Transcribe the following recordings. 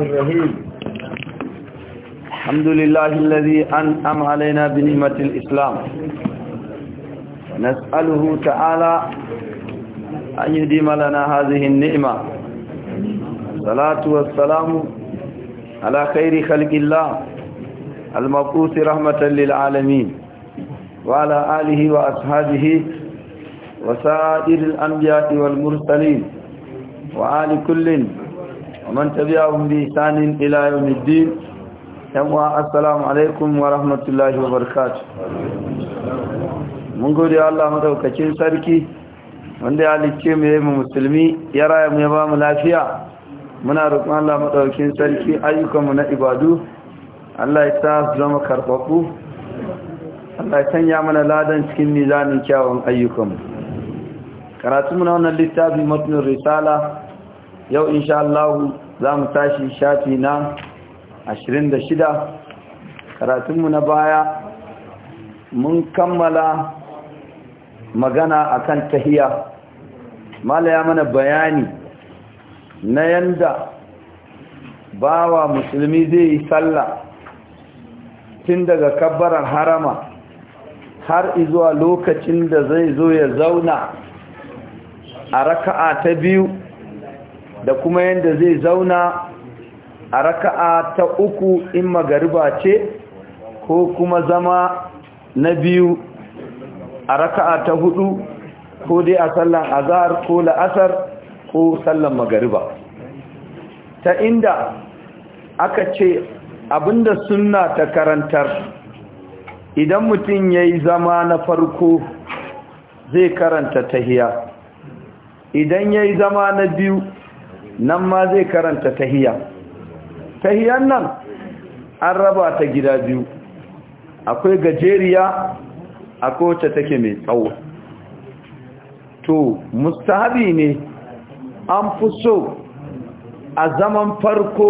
الرحمن الرحيم الحمد لله الذي أنعم علينا بنعمة الإسلام نسأله تعالى أن يديم لنا هذه النعمة الصلاة والسلام على خير خلق الله المبعوث رحمة للعالمين وعلى آله وأصحابه وسائر الأنبياء والمرسلين وآل كل ومن تبعهم بإحسان إلى يوم الدين يموى السلام عليكم ورحمة الله وبركاته mun gode Allah madaukakin sarki wanda ya halicce mu yayin musulmi ya raya mu ya ba mu lafiya muna roƙon Allah madaukakin sarki ayyukanmu na ibadu Allah ya sa zama karfafu Allah ya sanya mana ladan cikin mizanin kyawun ayyukan mu karatu mu na wannan littafi matnin risala yau insha Allah za mu tashi shafi na 26 karatunmu na baya mun kammala magana akan tahiya mala ya mana bayani na yanda bawa musulmi zai yi sallah tun daga kabbaran harama har izuwa lokacin da zai zo ya zauna a raka'a ta biyu da kuma yadda zai zauna a raka'a ta uku in magariba ce ko kuma zama na biyu a raka'a ta hudu ko dai a sallan azar ko la'asar ko sallan magariba ta inda aka ce abinda sunna ta karantar idan mutum ya yi zama na farko zai karanta ta hiya idan ya yi zama na biyu nan ma zai karanta tahiya. tahiyyan nan an raba ta gida biyu akwai gajeriya akwai wacce take mai tsawo to mustahabi ne an fi so a zaman farko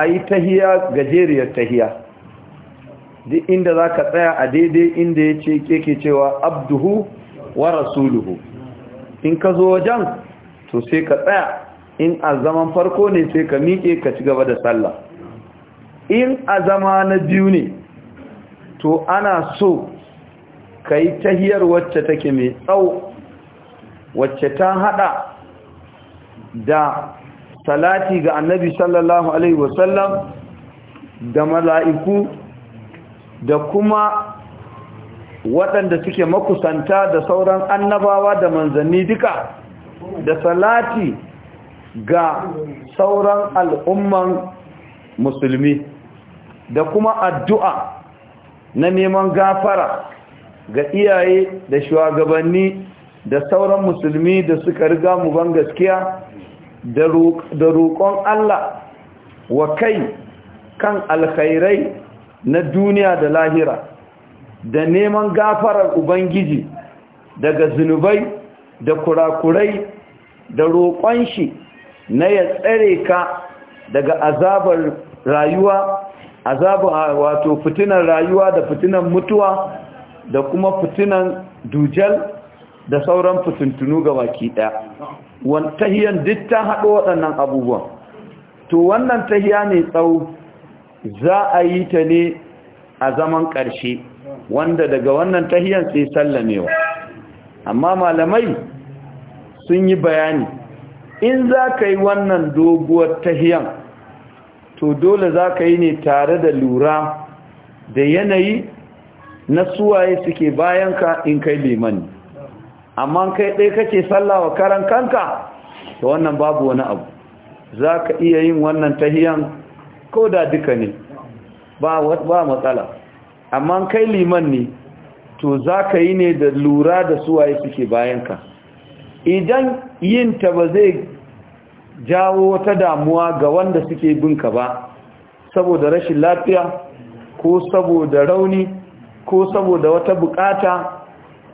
a yi tahiya gajeriyar tahiya duk inda za ka tsaya a daidai inda ya ce keke cewa abduhu wa rasuluhu in ka zo wajen to sai ka tsaya in a zaman farko ne sai ka miƙe ka ci gaba da sallah in a zama na biyu ne to ana so ka yi tahiyar wacce take mai tsawo wacce ta hada da salati ga annabi sallallahu alaihi wasallam da mala'iku da kuma waɗanda suke makusanta da sauran annabawa da manzanni duka da salati ga sauran al'umman musulmi da kuma addu'a na neman gafara ga iyaye da shugabanni da sauran musulmi da suka riga mu ban gaskiya da roƙon Allah wa kai kan alkhairai na duniya da lahira da neman gafarar ubangiji daga zunubai da kurakurai da roƙon shi na ya tsare ka daga azabar rayuwa azabar wato fitinan rayuwa da fitinan mutuwa da kuma fitinan dujal da sauran fitintunu ga baki ɗaya wani tahiyan duk ta haɗo waɗannan abubuwa to wannan tahiya ne tsawo za a yi ta ne a zaman ƙarshe wanda daga wannan tahiyan sai sallamewa amma malamai sun yi bayani in za ka yi wannan doguwar tahiyan to dole za ka yi ne tare da lura da yanayi na suwaye suke bayanka in kai limani amma kai ɗai kake sallawa karan kanka to wannan babu wani abu za ka iya yin wannan tahiyan ko da duka ne ba matsala amma kai liman ne to za ka yi ne da lura da suwaye suke bayanka idan yin ta ba zai jawo wata damuwa ga wanda suke bin ka ba saboda rashin lafiya ko saboda rauni ko saboda wata bukata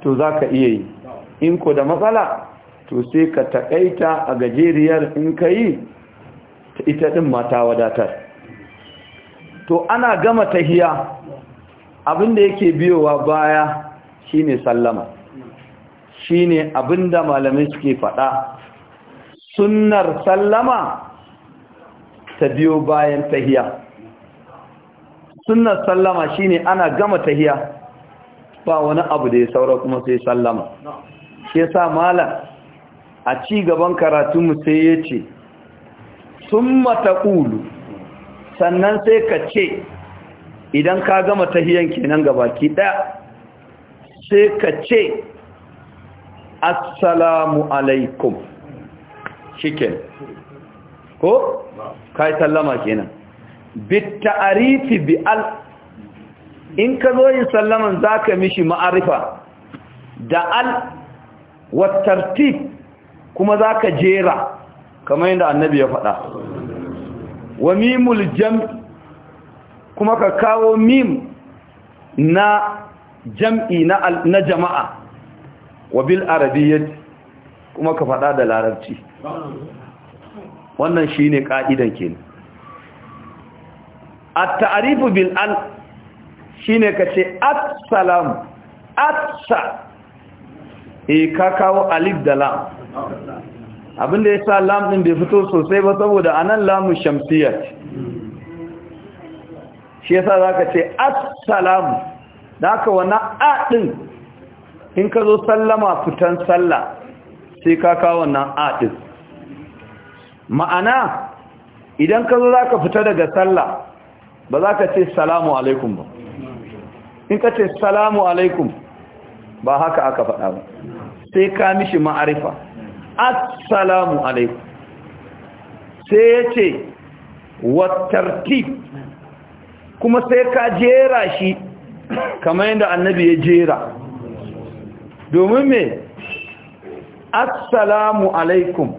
to za ka iya yi in ko da matsala to sai ka taƙaita a gajeriyar in ka yi ta ita ɗin mata wadatar to ana gama tahiya abinda yake biyowa baya shine sallama shine abinda malamai suke faɗa sunnar sallama ta biyo bayan tahiya sunnar sallama shine ana gama tahiya ba wani abu da ya saura kuma sai sallama shi yasa malam a ci gaban karatu mu sai yace summa taqulu sannan sai ka ce idan ka gama tahiyan kenan gabaki daya sai ka ce assalamu alaikum shiken ko kai sallama kenan bit ta'arifi bi al in ka zo yin sallaman zaka mishi ma'arifa da al wa tartib kuma zaka jera kamar yadda annabi ya faɗa wa mimul jam kuma ka kawo mim na jam'i na jama'a wa bil arabiyyat kuma ka faɗa da larabci wannan shine ka'idan kenan at-ta'rifu bil al shine kace assalam atsa e eh, ka kawo alif da lam abinda yasa lam din bai fito sosai ba saboda anan lamu shamsiyya shi yasa zaka ce assalam da haka wannan a din in ka zo sallama fitan sallah sai ka kawo wannan adin ma'ana idan ka zo za ka fita daga sallah ba za ka ce salamu alaikum ba in ka ce salamu alaikum ba haka aka faɗa ba sai ka mishi ma'arifa assalamu alaikum sai ya ce wattartib kuma sai ka jera shi kamar yadda annabi ya jera domin me assalamu alaikum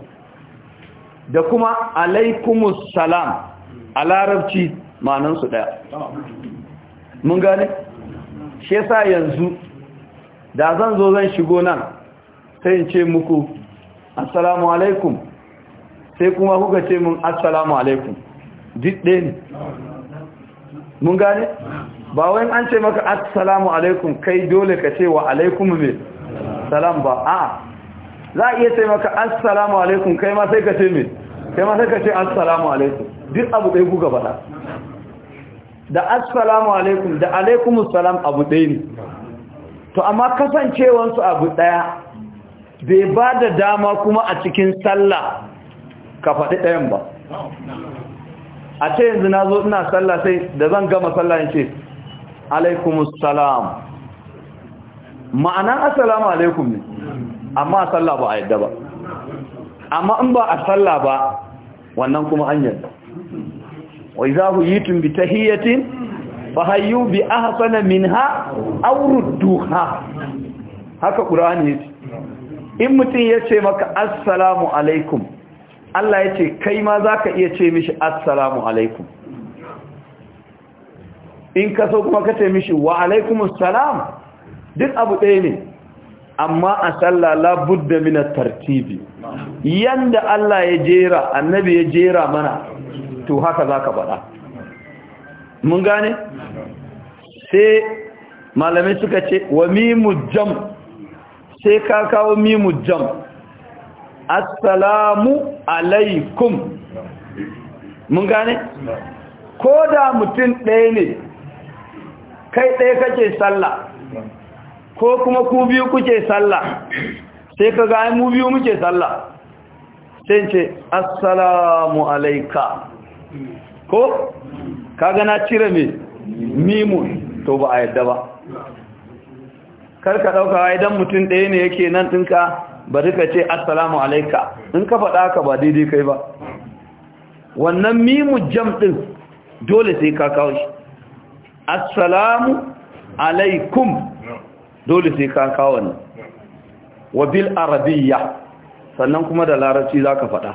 da kuma alaikumus salam a larabci manansu ɗaya mun gane shi yasa yanzu da zan zo zan shigo nan sai in ce muku assalamu alaikum sai kuma kuka ce mun assalamu alaikum duk ɗaya ne mun gane ba wai an ce maka assalamu alaikum kai dole ka ce wa alaikum mai salam ba a za a iya taimaka assalamu alaikum kai ma sai ka ce me kai ma sai ka ce assalamu alaikum duk abu ɗaya kuka faɗa da assalamu alaikum da alaikum salam abu ɗaya ne to amma kasancewansu abu ɗaya bai ba da dama kuma a cikin sallah ka faɗi ɗayan ba a ce yanzu na zo ina sallah sai da zan gama sallah in ce alaikum salam ma'anan assalamu alaikum ne amma a sallah ba a yadda ba amma in ba a sallah ba wannan kuma an yadda Wai za ku yi tun bi ta tahiyatin hayu bi ahsana minha aw rudduha haka qur'ani yace in mutum yace maka assalamu alaikum Allah yace kai ma zaka iya ce mishi assalamu alaikum in ka so kuma ka ce mishi wa alaikumus salam duk abu ɗaya ne amma a sallah budda mina tartibi yanda Allah ya jera annabi ya jera mana to haka za ka faɗa mun gane sai malamai suka ce wa mimu jam sai ka kawo mimu jam assalamu alaikum mun gane ko da mutum ɗaya ne kai ɗaya kake sallah ko kuma ku biyu kuke sallah sai ka ga mu biyu muke sallah sai ce assalamu alayka ko kaga na cire me mimun to ba a yadda ba karka dauka idan mutum ɗaya ne yake nan ɗinka ba duka ce assalamu alayka in ka faɗa ka ba daidai kai ba wannan mimu jam ɗin dole sai ka kawo shi assalamu alaikum dole sai ka kawo wannan wa bil arabiyya sannan kuma da larabci zaka faɗa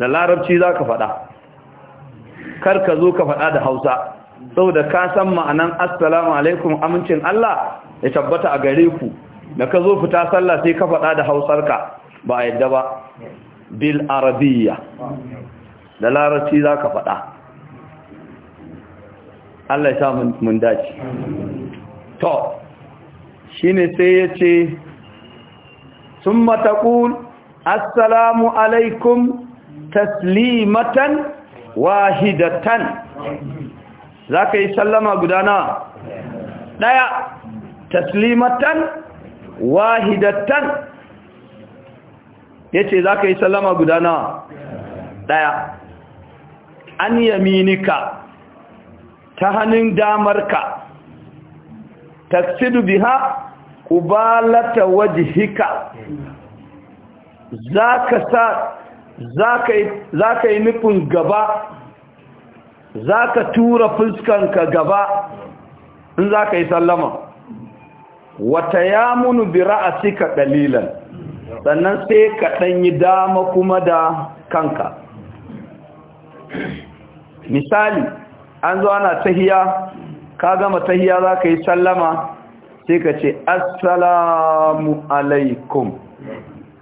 da larabci zaka faɗa kar ka zo ka faɗa da Hausa saboda ka san ma'anan assalamu alaikum amincin Allah ya tabbata a gare ku da ka zo fita sallah sai ka faɗa da Hausar ka. ba a yadda ba bil arabiyya da larabci zaka faɗa Allah ya sa mun dace to shine sai yace summa taqul assalamu alaikum taslimatan wahidatan zakai sallama gudana daya taslimatan wahidatan yace zaka yi sallama gudana? Ɗaya. daya an yaminika ta hannun damarka taksidu biha kubalata wajihika zaka sa zaka yi nufin gaba zaka tura fuskanka gaba in zaka yi sallama wata ya yamunu bi ra'asika dalilan sannan sai ka yi dama kuma da kanka misali an zo ana tahiya ka gama tahiya za ka yi sallama sai ka ce assalamu alaikum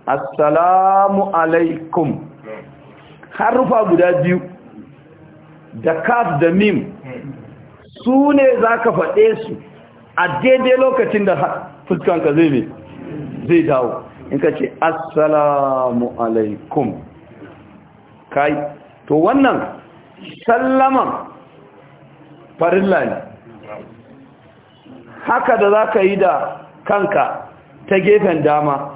assalamu alaikum Har rufa guda biyu da kaf da mim su ne za ka faɗe su a daidai lokacin da fuskanka zai zai dawo in ka ce assalamu alaikum kai to wannan sallaman farilla ne haka da za ka yi da kanka ta gefen dama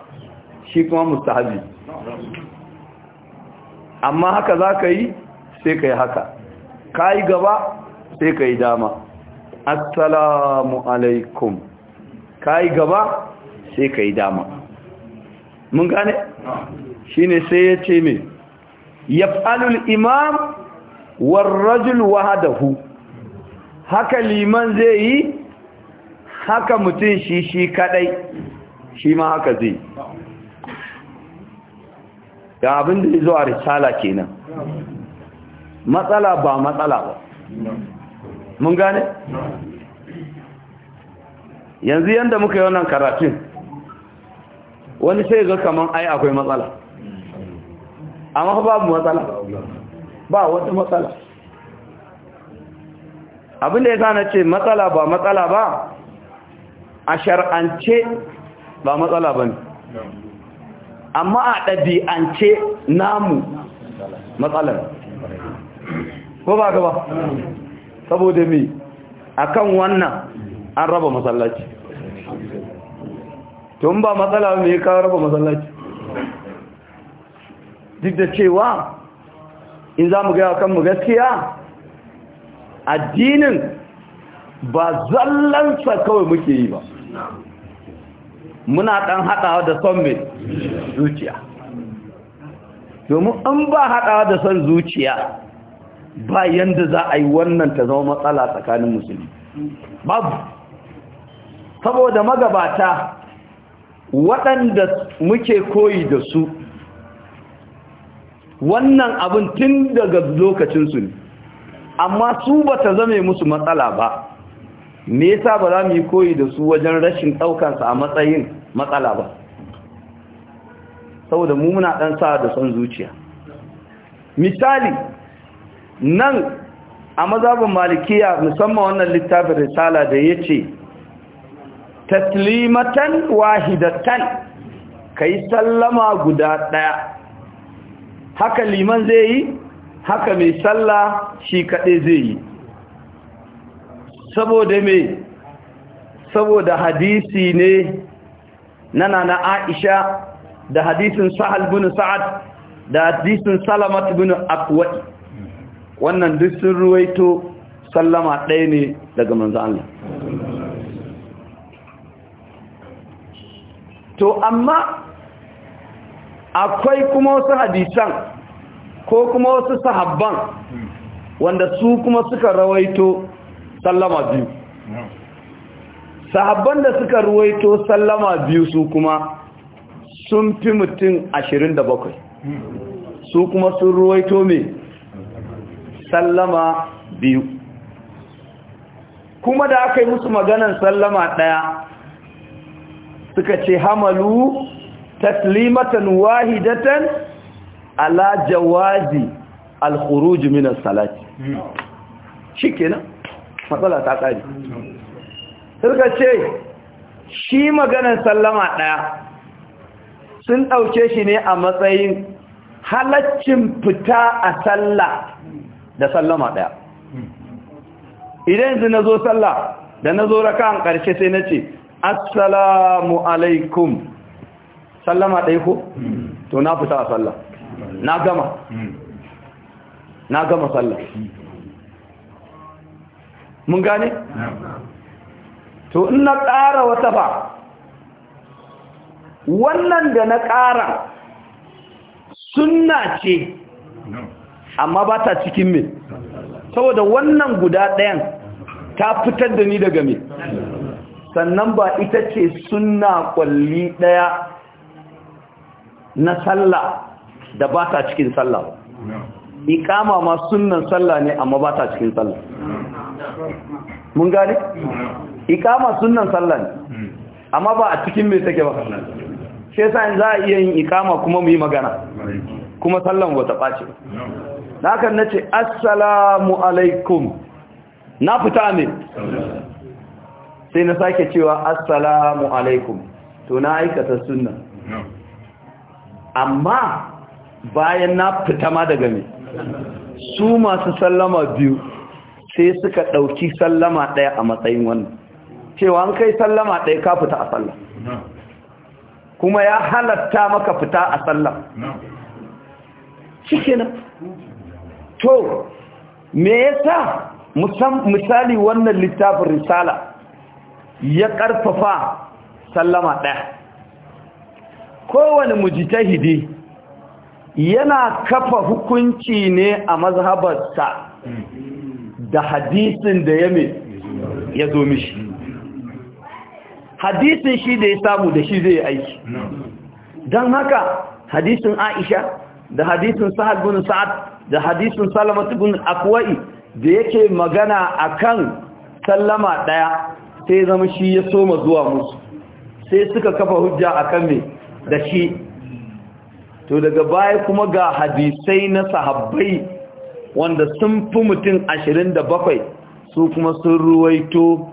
shi kuma mustahabi amma haka za ka yi sai ka yi haka ka yi gaba sai ka yi dama assalamu alaikum ka yi gaba sai ka yi dama mun gane shi ne sai ya ce mai yaf'alul imam warrajul wahadahu haka liman zai yi haka mutum shi shi kadai shi ma haka zai da abin da zuwa risala kenan matsala ba matsala ba mun gane yanzu yanda muka yi wannan karatun wani sai ga kaman ai akwai matsala amma babu matsala ba wata matsala abinda ya sa ce matsala ba matsala ba a shar'ance ba matsala ba ne amma a ɗabi'ance namu matsalar ko ba gaba saboda a akan wannan an raba matsalaci tun ba matsala ba mai kawo raba masallaci duk da cewa in za mu gaya kanmu gaskiya addinin ba zallansa kawai muke yi ba muna ɗan haɗawa da son mai zuciya domin an ba haɗawa da son zuciya ba yanda za a yi wannan ta zama matsala tsakanin musulmi babu saboda magabata waɗanda muke koyi da su wannan abin tun daga lokacinsu ne amma su ba ta zame musu matsala ba me yasa ba za mu yi koyi da su wajen rashin ɗaukansa a matsayin matsala ba saboda mu muna ɗan sa da son zuciya misali nan a mazabin malikiya musamman wannan littafin risala da ya ce taslimatan wahidatan ka yi sallama guda ɗaya haka liman zai yi haka mai sallah shi kaɗai zai yi saboda mai saboda hadisi ne na nana aisha da hadisin sahal bin sa'ad da hadisin salamat bin akwai wannan duk sun ruwaito sallama ɗaya ne daga manzo Allah to amma akwai kuma wasu hadisan ko kuma wasu sahabban wanda su kuma suka rawaito sallama biyu sahabban da suka rawaito sallama biyu su kuma sun fi mutum ashirin da bakwai su kuma sun rawaito mai sallama biyu kuma da aka yi musu maganan sallama ɗaya suka ce hamalu taslimatan wahidatan ala jawazi al min as-salati shikenan matsala ta kare Sirka ce shi maganar sallama ɗaya sun ɗauke shi ne a matsayin halaccin fita a salla da sallama ɗaya idan yanzu nazo zo sallah da nazo zo raka ƙarshe sai nace ce assalamu alaikum sallama ɗaya ko to na fita a sallah na gama hmm. na gama sallah mun gane to in na ƙara wata ba wannan da na ƙara sunna ce amma ba ta cikin mai, saboda wannan guda ɗayan ta fitar da ni daga mai, sannan ba ita ce sunna ƙwalli ɗaya na sallah da ba ta cikin sallah ikama ma sunnan sallah ne amma ba ta cikin sallah mun gane ikama sunnan sallah ne amma ba a cikin mai take ba sai sa in za a iya yin ikama kuma mu yi magana kuma sallan wata ɓace na kan nace assalamu alaikum na fita ne sai na sake cewa assalamu alaikum to na aikata sunna amma bayan na fita ma daga mai, su masu sallama biyu sai suka ɗauki sallama ɗaya a matsayin wannan cewa an kai sallama ɗaya ka fita a sallam? kuma ya halatta maka fita a sallam, cike na to me yasa misali wannan littafin risala ya ƙarfafa sallama ɗaya kowane mujitahidi yana kafa hukunci ne a mazhabarsa da hadisin da ya me ya zo mishi hadisin shi da ya samu da shi zai aiki don haka hadisin aisha da hadisin sahal bin sa'ad da hadisin salamat bin akwai da yake magana akan sallama ɗaya, sai zama shi ya soma zuwa musu sai suka kafa hujja akan me da shi to daga baya kuma ga hadisai na sahabbai wanda sun fi mutum ashirin da bakwai su kuma sun ruwaito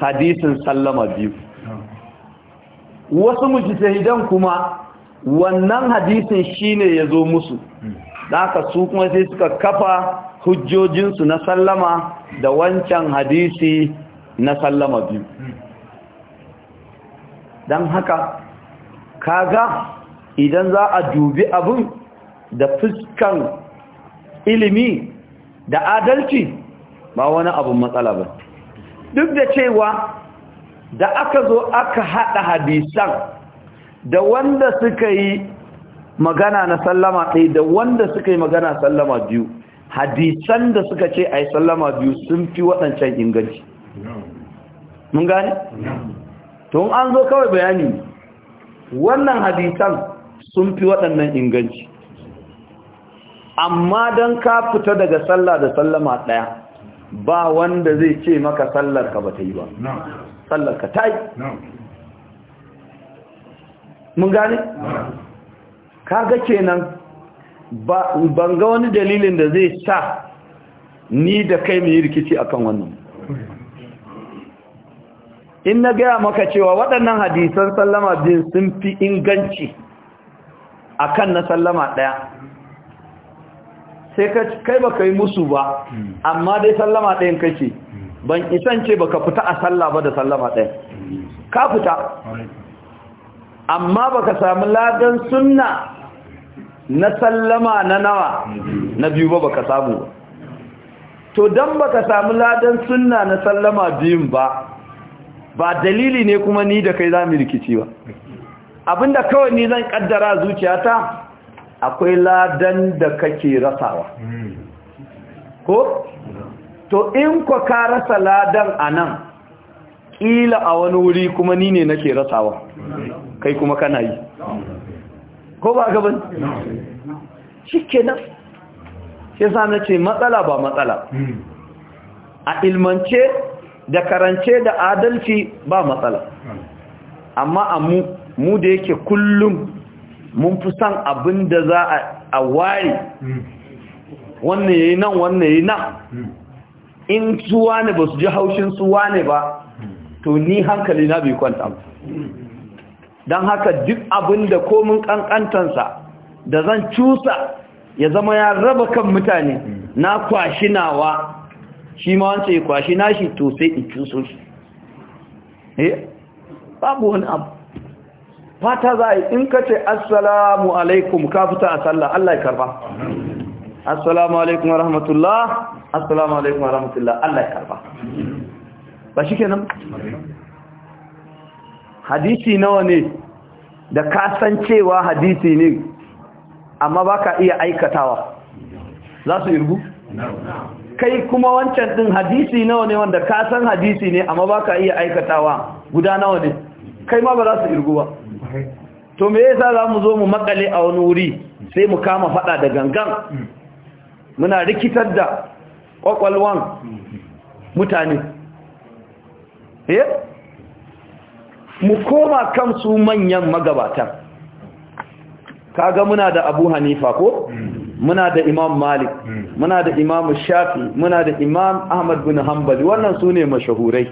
hadisin sallama biyu wasu mujtahidan kuma wannan hadisin shine ya zo musu haka su kuma sai suka kafa hujjojinsu na sallama da wancan hadisi na sallama biyu don haka kaga idan za a dubi abin da fuskan ilimi da adalci ba wani abin matsala ba duk da cewa da aka zo aka haɗa hadisan da wanda suka yi magana na sallama ɗaya da wanda suka yi magana sallama biyu hadisan da suka ce a yi sallama biyu sun fi waɗancan inganci mun gane? tun an zo kawai bayani wannan hadisan sun fi waɗannan inganci amma don ka fita daga sallah da sallama ɗaya ba wanda zai ce maka sallar ka ba ta yi ba sallar ta yi mun gane? ga kenan ban ga wani dalilin da zai sa ni da kai mu yi rikici akan wannan in na gaya maka cewa waɗannan hadisan sallama biyu sun fi inganci akan na sallama ɗaya sai kai baka yi musu ba amma dai sallama ɗayan kake ban isance baka fita a sallah ba da sallama ɗaya ka fita amma baka sami ladan sunna na sallama na nawa na biyu ba baka samu ba to ba baka sami ladan sunna na sallama biyun ba ba dalili ne kuma ni da kai za mu rikici ba abinda kawai ni zan kaddara zuciyata akwai ladan da kake rasawa ko to in ko ka rasa ladan anan kila a wani wuri kuma ni ne nake rasawa kai kuma kana yi ko ba gaban shikenan sai sa nace matsala ba matsala a ilmance da karance da adalci ba matsala amma a mu mu da yake kullum mun fi son abin da za a ware hmm. wannan yayi nan wannan yayi nan hmm. in zuwa ne ba su ji haushin zuwa ne ba hmm. to ni hankali na bai kwanta ba, don haka duk abin da komin kankantansa da zan cusa ya zama ya raba kan mutane na kwashi nawa shi ma wancan ya na shi to sai in cuso shi eh? babu wani abu fata za a yi in ka ce assalamu alaikum ka fita a sallah Allah ya karba assalamu alaikum wa rahmatullah assalamu alaikum wa rahmatullah Allah ya karba ba shi kenan hadisi nawa ne da kasancewa hadisi ne amma ba ka iya aikatawa za su irgu? kai kuma wancan din hadisi nawa ne wanda kasan hadisi ne amma ba ka iya aikatawa guda nawa ne kai ma ba za su irgu ba to me yasa za mu zo mu makale a wani wuri sai mu kama fada da gangan muna rikitar da kwakwalwan mutane Eh. mu koma kan su manyan magabatan kaga muna da abu hanifa ko muna da imam malik muna da imam shafi muna da imam ahmad bin hanbali wannan su ne mashahurai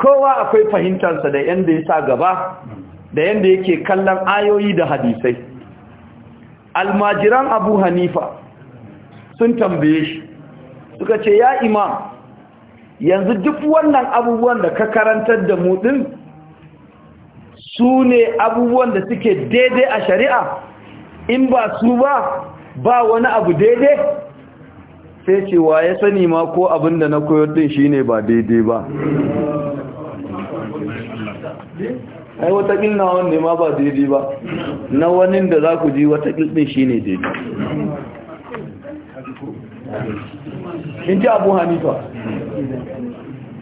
kowa akwai fahimtarsa da yanda ya sa gaba da yanda yake kallon ayoyi da hadisai almajiran abu hanifa sun tambaye shi suka ce ya imam yanzu duk wannan abubuwan da ka karantar da mu ɗin, su ne abubuwan da suke daidai a shari'a in ba su ba ba wani abu daidai sai cewa ya sani ma ko abin da na koyar din shine ba daidai ba ai watakil na wani ma ba daidai ba na wani da za ku ji watakil din shi ne daidai in ji abu hanifa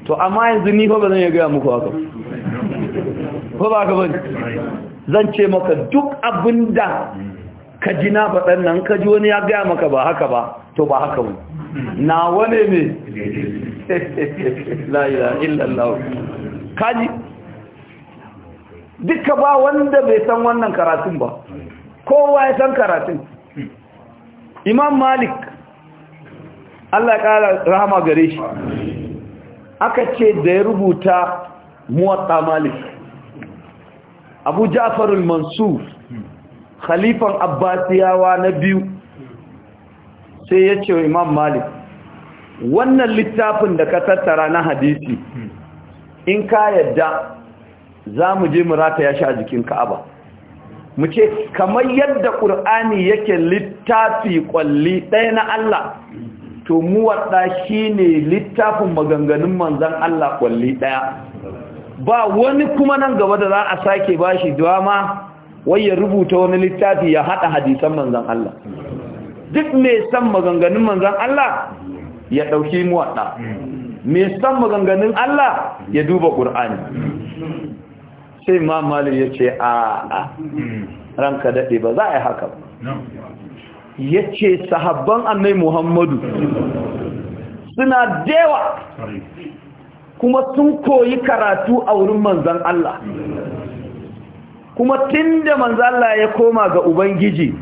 to amma yanzu ni fa ba zan iya gaya muku haka ko ba ka bani zan ce maka duk abinda ka ji na faɗan nan ka ji wani ya gaya maka ba haka ba to ba haka ba na wane ne la ilaha illallah kaji duka ba wanda bai san wannan karatun ba kowa ya san karatun imam malik Allah ya kara rahama gare shi aka ce da ya rubuta muwatta malik abu ja'farul mansur khalifan abbasiyawa na biyu sai ya ce wa imam malik wannan littafin da ka tattara na hadisi in ka yadda za mu je mu ya shi a jikin ka'aba mu ce kamar yadda ƙur'ani yake littafi ƙwalli ɗaya na Allah to mu waɗa shi ne littafin maganganun manzan Allah ƙwalli ɗaya ba wani kuma nan gaba da za a sake ba shi dama wai ya rubuta wani littafi ya haɗa hadisan manzan Allah duk mai san maganganun manzan Allah ya ɗauki mu waɗa mai san maganganun Allah ya duba ƙur'ani sai ma ya ce a ranka daɗe ba za a yi haka ba ya ce sahabban annai muhammadu suna dewa kuma sun koyi karatu a wurin manzan Allah kuma tun da manzan Allah ya koma ga Ubangiji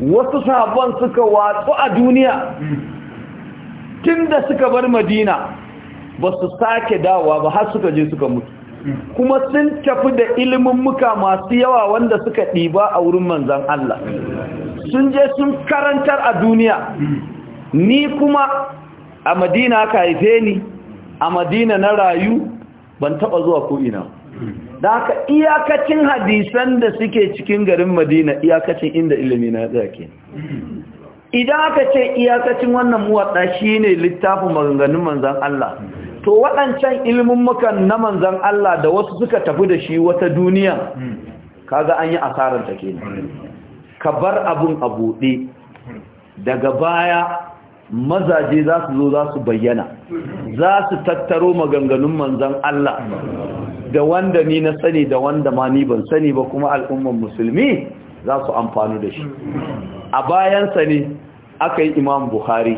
wasu sahabban suka watsu a duniya tun da suka bar madina ba su sake dawa ba har suka je suka mutu kuma sun tafi da ilimin muka masu yawa wanda suka ɗiba a wurin manzan Allah sun je sun karantar a duniya ni kuma a madina ka haife ni a madina na rayu ban taɓa zuwa ko'ina da haka iyakacin hadisan da suke cikin garin madina iyakacin inda ilimi na zake idan aka ce iyakacin wannan muwaɗa shi ne littafin maganganun manzan Allah to waɗancan ilmummukan na manzan Allah da wasu suka tafi da shi wata duniya kaga an yi asarar ta kenan ka bar abun a buɗe daga baya mazaje za su zo za su bayyana za su tattaro maganganun manzan Allah da wanda ni na sani da wanda ma ni ban sani ba kuma al'umman musulmi za su amfani da shi a bayansa ne aka yi imam buhari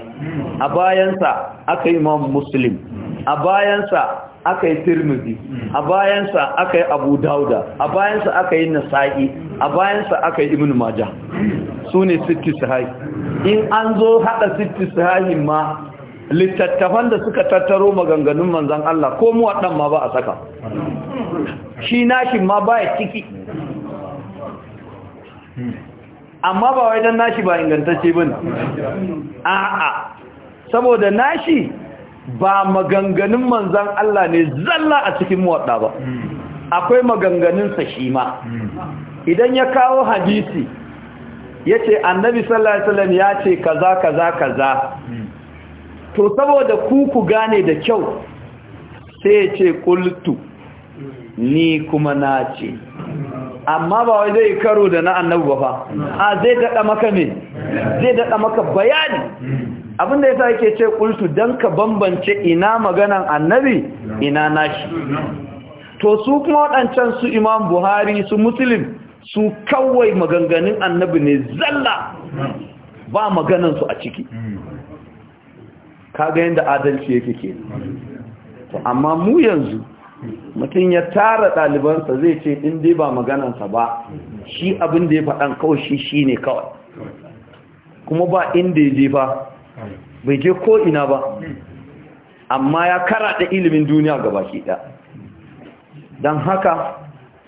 a bayansa aka yi imam muslim a bayansa aka yi tirmidhi a bayansa aka yi abu dauda a bayansa aka yi nasa'i a bayansa aka yi ibn majah su ne sitti sahahi in an zo hada sitti sahahi ma littattafan da suka tattaro maganganun manzan Allah ko mu waɗan ma ba a saka shi nashin ma ba ya ciki amma ba wai dan nashi ba ingantacce bane a'a saboda nashi ba maganganun manzan Allah ne zalla a cikin muwadda ba akwai maganganunsa shi ma idan ya kawo hadisi ya ce annabi sallallahu alaihi wasallam ya ce kaza kaza kaza to saboda ku ku gane da kyau sai ya ce kultu ni kuma na ce amma ba wai zai karo da na annabi ba a zai daɗa maka ne zai daɗa maka bayani abin da yasa yake ce kultu dan ka bambance ina maganan annabi ina nashi to su kuma wadancan su imam buhari su muslim su kawai maganganun annabi ne zalla ba maganansu a ciki kaga yadda adalci yake ke amma mu yanzu mutum ya tara ɗalibansa zai ce in dai ba maganansa ba shi abin da ya faɗan kawai shi shi ne kawai kuma ba inda ya jefa bai je ko ina ba amma ya karaɗa ilimin duniya ga baki ɗaya don haka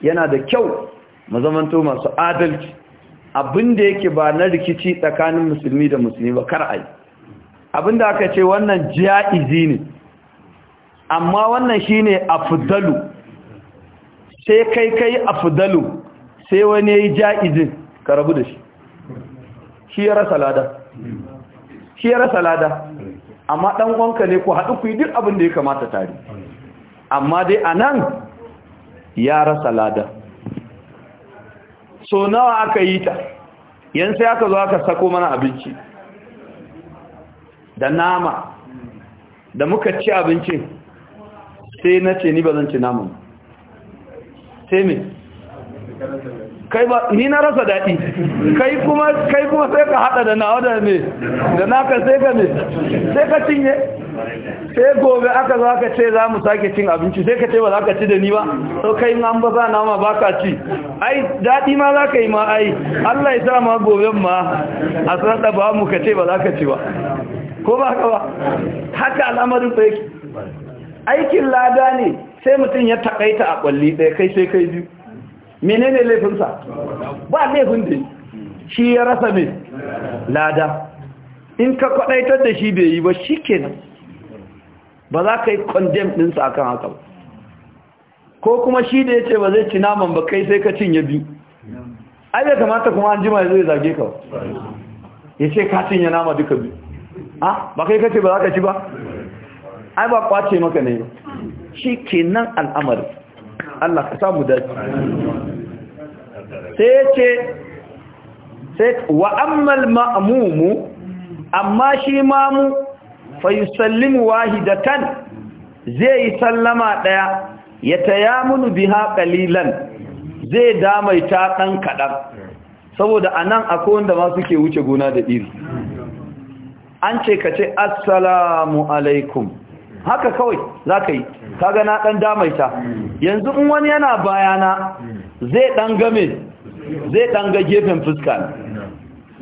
yana da kyau mu zamanto masu adalci Abinda yake ba na rikici tsakanin musulmi da musulmi ba kar a yi aka ce wannan ja'izi ne amma wannan shine afdalu sai kai kai afdalu sai wani ya yi ja'izin ka rabu da shi shi ya rasa lada shi ya rasa lada amma dan uwanka ne ku haɗu ku yi duk abin da ya kamata tare amma dai anan ya rasa lada so nawa aka yi ta yan sai aka zo aka sako mana abinci da nama da muka ci abincin sai na ce ni ba zan ci naman sai me kai ba ni na rasa daɗi kai kuma kai kuma sai ka hada da nawa da me da naka sai ka me sai ka cinye sai gobe aka zo aka ce za mu sake cin abinci sai ka ce ba za ka ci da ni ba to kai in an ba za ma ba ka ci ai daɗi ma za ka yi ma ai Allah ya sa ma gobe ma a da ba mu ka ce ba za ka ci ba ko ba ka ba haka al'amarin fa yake aikin lada ne sai mutum ya takaita a kwalli ɗaya kai sai kai biyu menene laifinsa ba laifin da shi ya rasa mai lada in ka kwadaitar da shi bai yi ba shi kenan ba za ka yi condemn ɗinsa a kan haka ko kuma shi da ya ce ba zai ci naman ba kai sai ka ya biyu ai da kamata kuma an jima zai zage ka ya ce ka ya nama duka biyu ah ba kai ka ce ba za ka ci ba ai ba kwace maka ne shi kenan al'amari Allah ka samu dace sai ce sai wa ammal ma'amumu amma shi mamu fa da wahidatan zai yi sallama ɗaya, ya taya mun biha ƙalilan, zai damaita ɗan kaɗan. saboda a anan a wanda ma suke wuce gona da iri an ce ka ce assalamu alaikum haka kawai za ka yi kaga na ɗan damaita yanzu in wani yana bayana zai dan game zai dan ga gefen fuska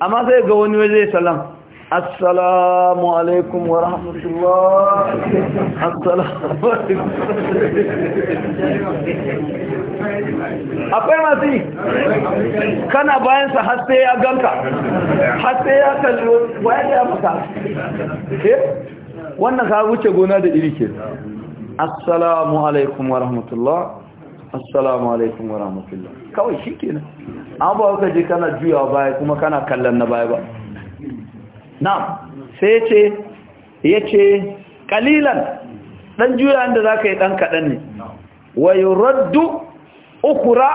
amma sai ga wani waje salam assalamu alaikum wa rahmatullah assalamu akwai masu yi kana bayan har sai ya ganka har sai ya kallo bayan ya fata eh? wannan ka wuce gona da iri ke assalamu alaikum wa rahmatullah assalamu alaikum wa rahmatullah kawai shi kenan an ba ka je kana juyawa baya kuma kana kallon na baya ba na sai ce, ya ce, kalilan dan inda da ka yi dan kadan ne wa yuraddu ukhra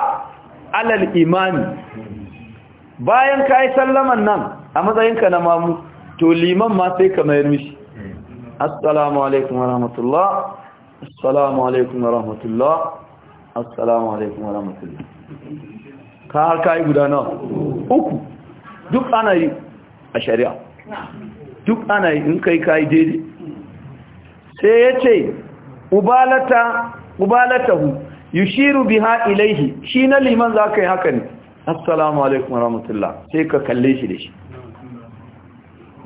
ala al-iman bayan yi sallaman nan a matsayinka na mamu to liman ma sai ka mayar mishi assalamu alaikum wa rahmatullah assalamu alaikum wa rahmatullah assalamu alaikum wa rahmatullah ka har kai guda nawa uku duk ana yi a shari'a duk ana yi in kai kai daidai sai yace ubalata ubalatahu yushiru biha ilaihi shi na liman za ka yi haka ne assalamu alaikum wa rahmatullah sai ka kalle shi da shi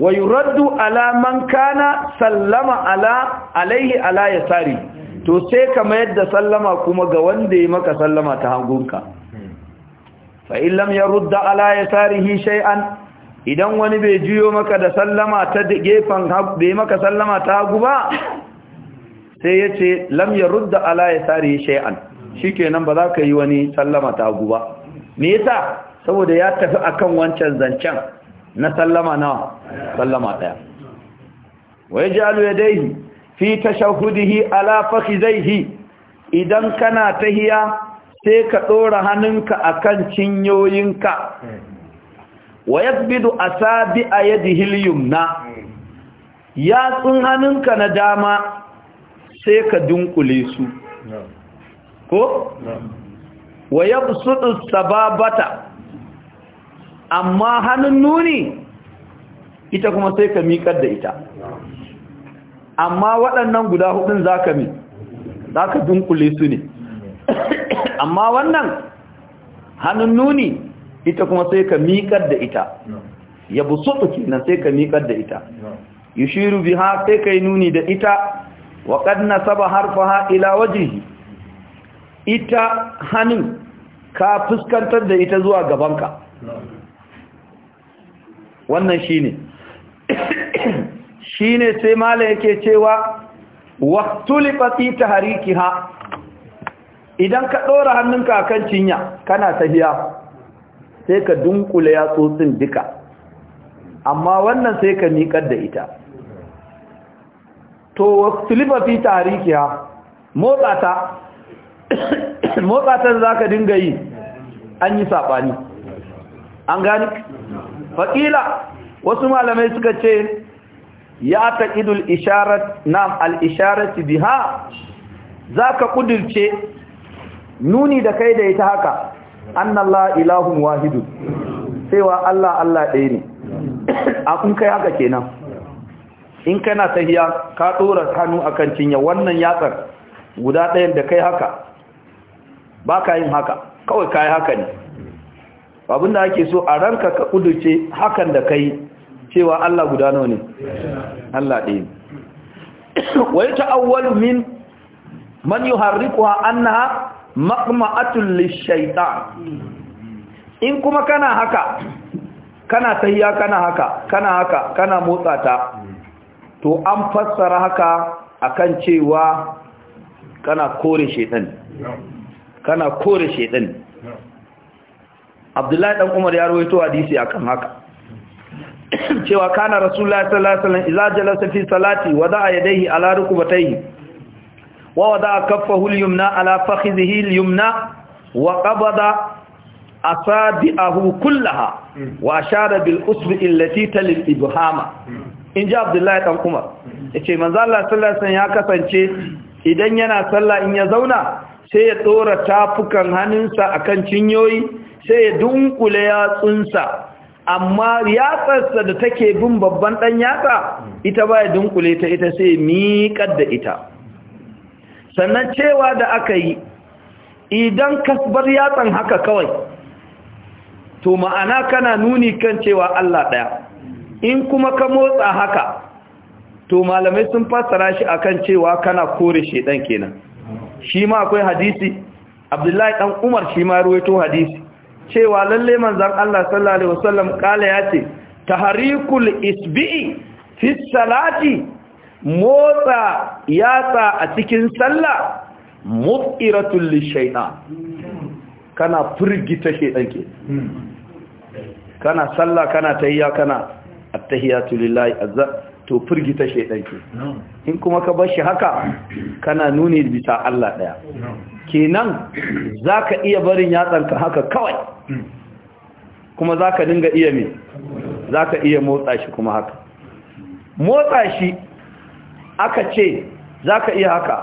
wa yuraddu ala man kana sallama ala alaihi ala yasari to sai ka mayar da sallama kuma ga wanda ya maka sallama ta hangunka fa in lam yarudda ala yasarihi shay'an idan wani bai juyo maka da sallama ta gefen bai maka sallama ta hagu ba sai yace lam yarudda ala yasarihi shay'an shikenan ba za ka yi wani sallama ta hagu ba me yasa saboda ya tafi akan wancan zancen na sallama nawa sallama daya wa yaj'alu yadayhi fi tashahudihi ala fakhizaihi idan kana tahiya sai ka dora hannunka akan cinyoyinka wa yasbidu asabi ayadihi al-yumna ya tsun hannunka na dama sai ka dunkule su ko wa yabsutu sababata amma hannun nuni ita kuma sai ka miƙar da ita amma waɗannan guda hudun ka mi ka dunkule su ne amma wannan hannun nuni ita kuma sai ka miƙar da ita ya ke nan sai ka miƙar da ita yushiru ha sai kai nuni da ita wa saba harfa ha ila wajhihi ita hannun ka fuskantar da ita zuwa gabanka wannan shi ne. Shi ne sai mala yake cewa waqtulifati ha idan ka ɗora hannunka akan cinya kana tafiya. sai ka dunkule yatsotsin duka amma wannan sai ka miƙar da ita to waqtulifati ha motsata motsatan za ka dinga yi an yi saɓani an gani faƙila wasu malamai suka ce ya ta idul isharat nam al isharati biha zaka kudirce nuni da kai da ita haka annallahu ilahun Sai cewa Allah Allah ɗaya ne a kun kai haka kenan in kana tahiya ka dora hannu a kan cinya wannan yatsar guda ɗayan da kai haka ba ka yin haka kawai kai haka ne abinda ake so a ranka ka kudirce hakan da kai cewa Allah guda nawa ne Allah ɗaya wa yata'awwalu min man yuharrikuha annaha maqma'atun lishaitan in kuma kana haka kana tahiya kana haka kana haka kana motsa ta to an fassara haka akan cewa kana kore shaitan kana kore shaitan Abdullahi dan Umar ya rawaito hadisi akan haka cewa kana rasulullahi sallallahu alaihi wasallam idza jalasa fi salati wada'a yadayhi ala rukbatayhi wa wada'a kaffahu al-yumna ala fakhidhihi al-yumna wa qabada asabi'ahu kullaha wa ashara bil usbi allati talil ibhama ji abdullahi dan umar yace manzo Allah sallallahu alaihi wasallam ya kasance idan yana sallah in ya zauna sai ya dora tafukan hannunsa akan cinyoyi sai ya dunkule yatsunsa amma yatsarsa da take bin babban ɗan yatsa ita baya dunkule ta ita sai miƙar da ita sannan cewa da aka yi idan kasbar yatsan haka kawai to ma'ana kana nuni kan cewa Allah ɗaya in kuma ka motsa haka to malamai sun fassara shi akan cewa kana kore shi ɗan kenan shi ma akwai hadisi abdullahi ɗan umar shi ma ruwaito hadisi cewa lalle manzon Allah sallallahu alaihi wasallam kala yace tahrikul isbi'i fi salati motsa yatsa a cikin sallah mufiratul lishaytan kana furgita shedan ke kana sallah kana tahiyya kana attahiyatu lillahi azza to furgita shedan ke in kuma ka bar shi haka kana nuni bisa Allah daya kenan za ka iya barin yatsanka haka kawai kuma za ka dinga iya me za ka iya motsa shi kuma haka motsa shi aka ce za ka iya haka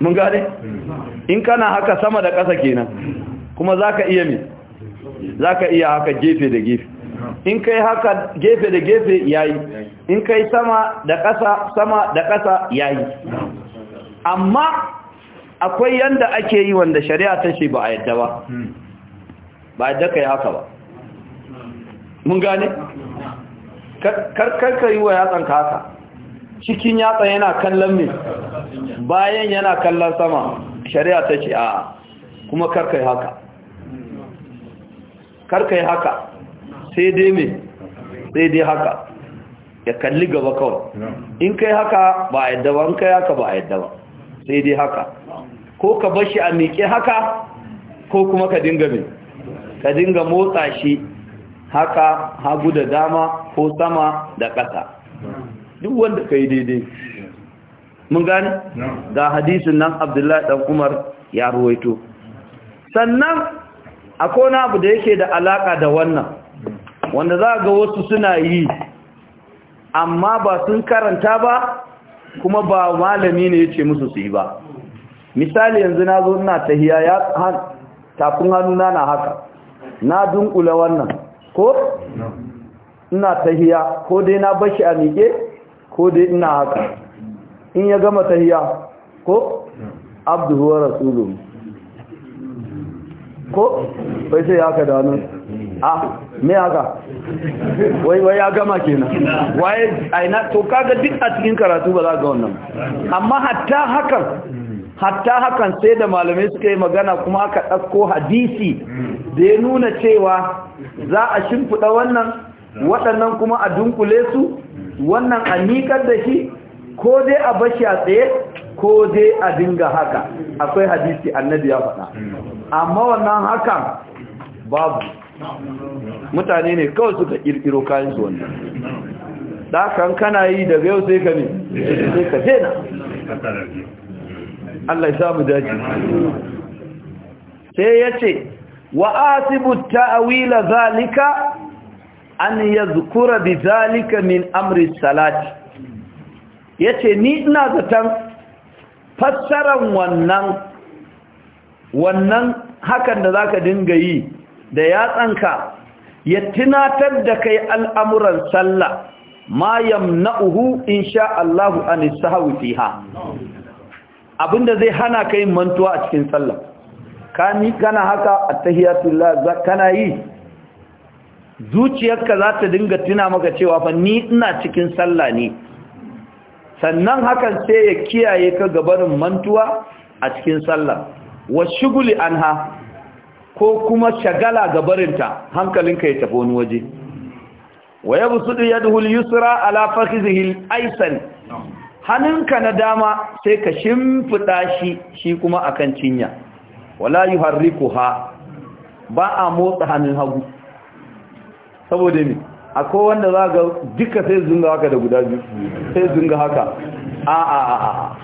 mun gane in kana haka sama da ƙasa kenan kuma za ka iya me za ka iya haka gefe da gefe in kai haka gefe da gefe yayi in kai sama da ƙasa sama da ƙasa yayi amma akwai yanda ake yi wanda shari'a ta ce ba a yadda ba hmm. ba yadda ka yi haka ba mun gane karkar ka yi wa yatsan ka haka cikin yatsan yana kallon mai bayan yana kallon sama shari'a ta ce a kuma karkar yi haka karkar yi haka sai dai mai sai dai haka ya kalli gaba kawai hmm. in kai haka ba a yadda ba in kai haka ba a yadda ba sai dai haka ko ka bar a miƙe haka ko kuma ka dinga mai ka dinga motsa shi haka hagu da dama ko sama da ƙasa duk wanda ka yi daidai mun gani ga hadisin nan abdullahi Dan umar ya ruwaito sannan akwai abu da yake da alaƙa da wannan wanda za ga wasu suna yi amma ba sun karanta ba kuma ba malami ne yace musu su yi ba misali yanzu na zo ina tahiya ya han, tafin hannuna na haka na dunkula wannan ko ina tahiya ko dai na bashi a miƙe ko dai ina haka in ya gama tahiya ko abdu huwa rasuluhu ko bai sai haka da wannan a ah, me haka wai wai ya gama kenan waye aina to kaga duk a cikin karatu ba za ga wannan amma hatta hakan hatta hakan sai da malamai suka yi magana kuma aka ɗauko hadisi da ya nuna cewa za a shimfiɗa wannan waɗannan kuma a dunkule su wannan a nikar da shi ko dai a bashi a tsaye ko dai a dinga haka akwai hadisi annabi ya faɗa amma wannan hakan babu mutane ne kawai suka kirkiro kayan su wannan da kan kana yi daga yau sai ka ne sai ka dena Allah ya samu daji sai ya ce wa asibu ta'wila zalika an yadhkura bi zalika min amri salati yace ni ina zatan fassaran wannan wannan hakan da zaka dinga yi da yatsanka ya tunatar da kai al'amuran sallah ma in sha Allahu an sahwi fiha abinda zai hana kai mantuwa a cikin sallah kani kana haka a attahiyatullah kana yi zuciyarka za ta dinga tuna maka cewa fa ni ina cikin sallah ne sannan hakan sai ya kiyaye ka gabarin mantuwa a cikin sallah wa shuguli anha ko kuma shagala ga barinta hankalinka ya tafi wani waje wa ya busudu ya duhul yusra ala fakhizihil aisan hannunka na dama sai ka shimfiɗa shi shi kuma akan cinya wala yi ha. ba a motsa hannun hagu saboda me akwai wanda za ga duka sai zunga haka da guda biyu sai zunga haka a a a a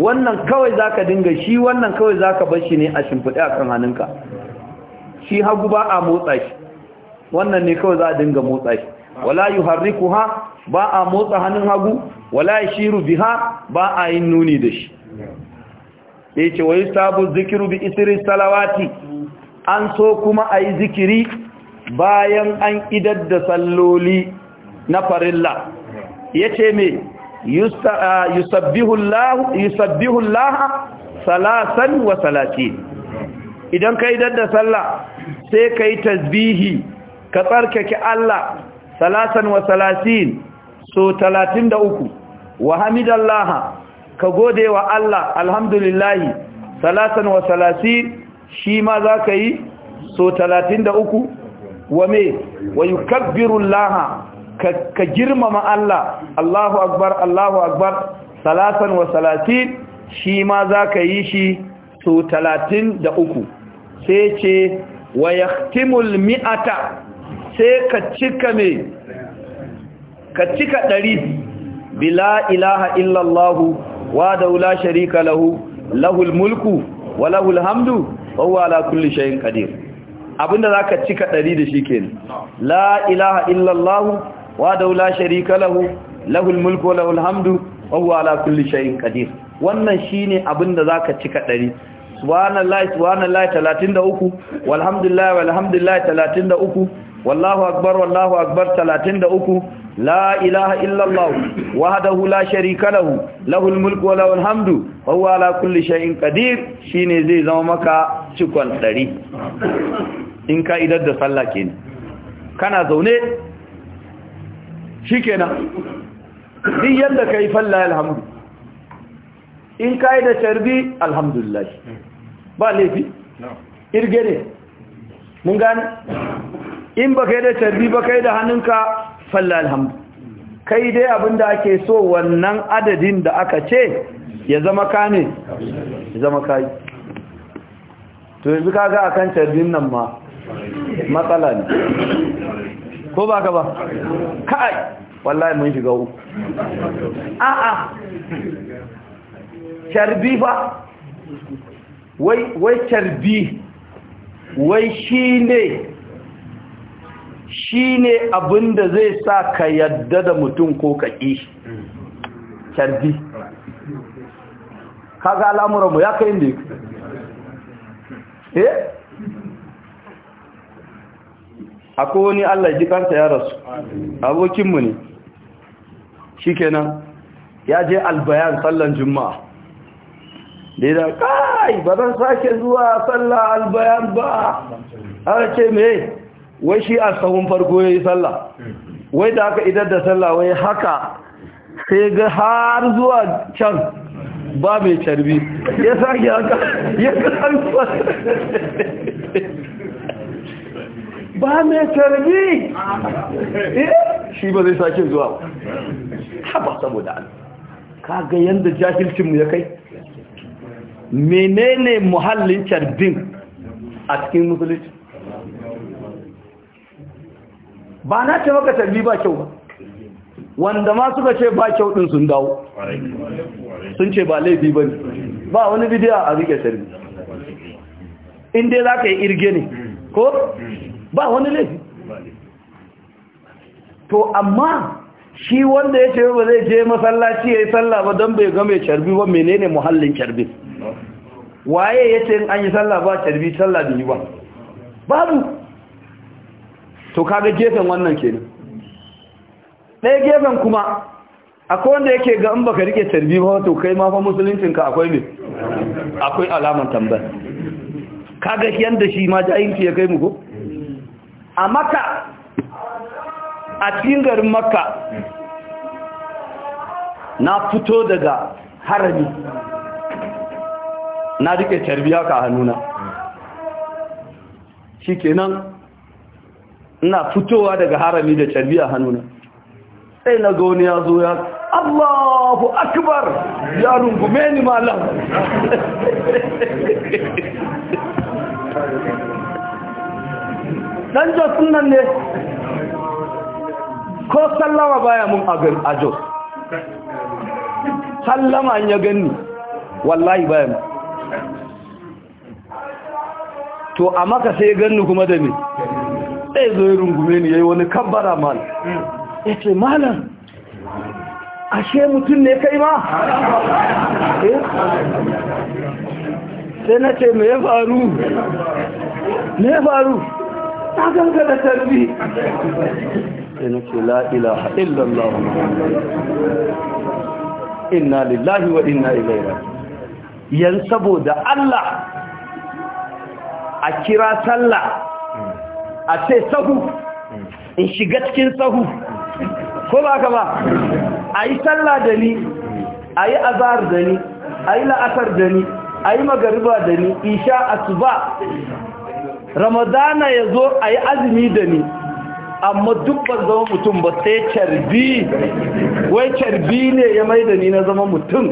wannan kawai za ka dinga shi wannan kawai za ka bashi shi ne a shimfiɗa a kan hannunka shi hagu ba a motsa shi wannan ne kawai za a dinga motsa shi wala yuharrikuha ba a motsa hannun hagu wala yashiru biha ba a yin nuni da shi Ya ce wa sabu zikiru bi isri salawati an so kuma a yi zikiri bayan an idar da salloli na farilla Ya ce me yusabbihu Allah yusabbihu salasan wa idan ka idar da sallah sai ka yi tasbihi ka tsarkake Allah salasan wa salasin so talatin da uku wa hamidallaha ka gode wa Allah alhamdulillahi salasan wa salasin shi ma za ka yi so talatin da uku wa me wa yukabbirullaha ka girmama Allah Allahu akbar Allahu akbar salasan wa salasin shi ma za ka yi shi so talatin da uku sai ce wa yahtimul mi'ata sai ka cika me ka cika ɗari bila ilaha illallahu wa daula sharika lahu lahul mulku wa lahul hamdu wa huwa kulli shay'in qadir abinda zaka cika ɗari da shi kenan la ilaha illallahu wa daula sharika lahu lahul mulku wa lahul hamdu wa huwa kulli shay'in qadir wannan shine abinda zaka cika ɗari subhanallahi subhanallahi 33 walhamdulillah walhamdulillah 33 wallahu akbar wallahu akbar 33 illallah إله la sharika lahu lahul mulku wa lahul hamdu wa huwa ala kulli shay'in qadir shine zai zama maka cikon ɗari in ka idar da sallah kenan kana zaune shikenan din yadda kai falla alhamdu in ka yi da tarbi alhamdulillah ba laifi irge ne mun gane in ba kai da tarbi ba kai da hannunka falla alhamdu kai dai abinda ake so wannan adadin da aka ce ya zama ka ne ya zama ka yi to yanzu a akan tarbin nan ma matsala ne ko ba ka ba kai wallahi mun shiga uku a'a tarbi fa wai carbi wai shi ne shi ne abinda zai sa ka yadda da mutum ko kaƙi carbi ga al'amuranmu ya kai ne eh akwai wani allah ji kanta ya rasu abokinmu ne shi kenan ya je albayan sallan juma'a da ya kai ba zan sake zuwa sallah albayan ba Har ce me wai shi a sahun farko ya yi sallah wai da aka idar da sallah wai haka sai ga har zuwa can ba mai carbi ya sake haka ya karfa ba mai carbi eh, shi ba zai sake zuwa ba. saboda ka ga yadda jahilcinmu ya kai menene muhallin carbin a cikin musulunci ba na ce maka charbi ba kyau ba wanda ma suka ce ba kyau din sun dawo sun ce ba laifi ba ne ba wani bidiya a rike charbi inda za ka yi irge ne ko ba wani laifi to amma shi wanda ya ce ba zai je masallaci ya yi sallah ba don bai game charbi ba menene muhallin carbin waye ya in an yi sallah ba tarbi sallah bi ba babu to kaga gefen wannan kenan ɗaya gefen kuma akwai wanda yake ga in baka rike tarbi ba to kai ma fa musuluncin ka akwai ne akwai alaman tambaya kaga yanda shi ma jahilci ya kai mu ko a maka a cikin garin makka na fito daga harami na rike tarbiya ka hannuna shi kenan ina fitowa daga harami da tarbiya hannuna sai na ga ya zo ya Allahu akbar ya rungume ni malam dan jos nan ne ko sallama baya mun a jos sallama an ya gani wallahi baya mun to a maka sai ganni kuma da me sai zo rungume ni yi wani kabbara mal ya ce malam ashe mutum ne kai ma eh. sai na ce me ya faru me ya faru ta ganga da tarbi sai na ce la'ila illallah inna lillahi wa inna ilaihi yan saboda Allah a kira sallah a ce sahu in shiga cikin sahu ko ba ka ba a yi sallah da ni a yi azahar da ni a yi la'asar da ni a yi magariba da ni isha asuba ramadana ya zo a yi azumi da ni amma duk ban zama mutum ba sai carbi wai carbi ne ya mai da ni na zama mutum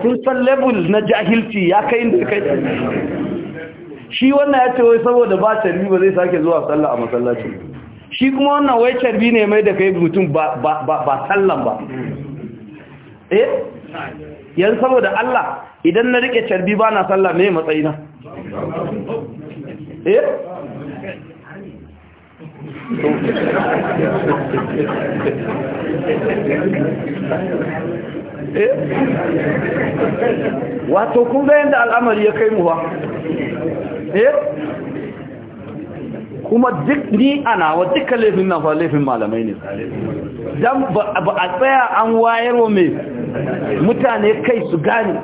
kun san level na jahilci ya kai da kai shi wannan ya ce wai saboda ba carbi ba zai sake zuwa sallah a masallaci shi kuma wannan wai carbi ne mai da kai mutum ba sallan ba eh yan saboda Allah idan na rike carbi ba na sallah mai matsayina na? Eh? Eh? wato kun ga yadda al'amari ya kai mu ba Eh? kuma duk ni ana wa duka laifin na fa laifin malamai ne dan ba a tsaya an wayar wa mai mutane kai su gane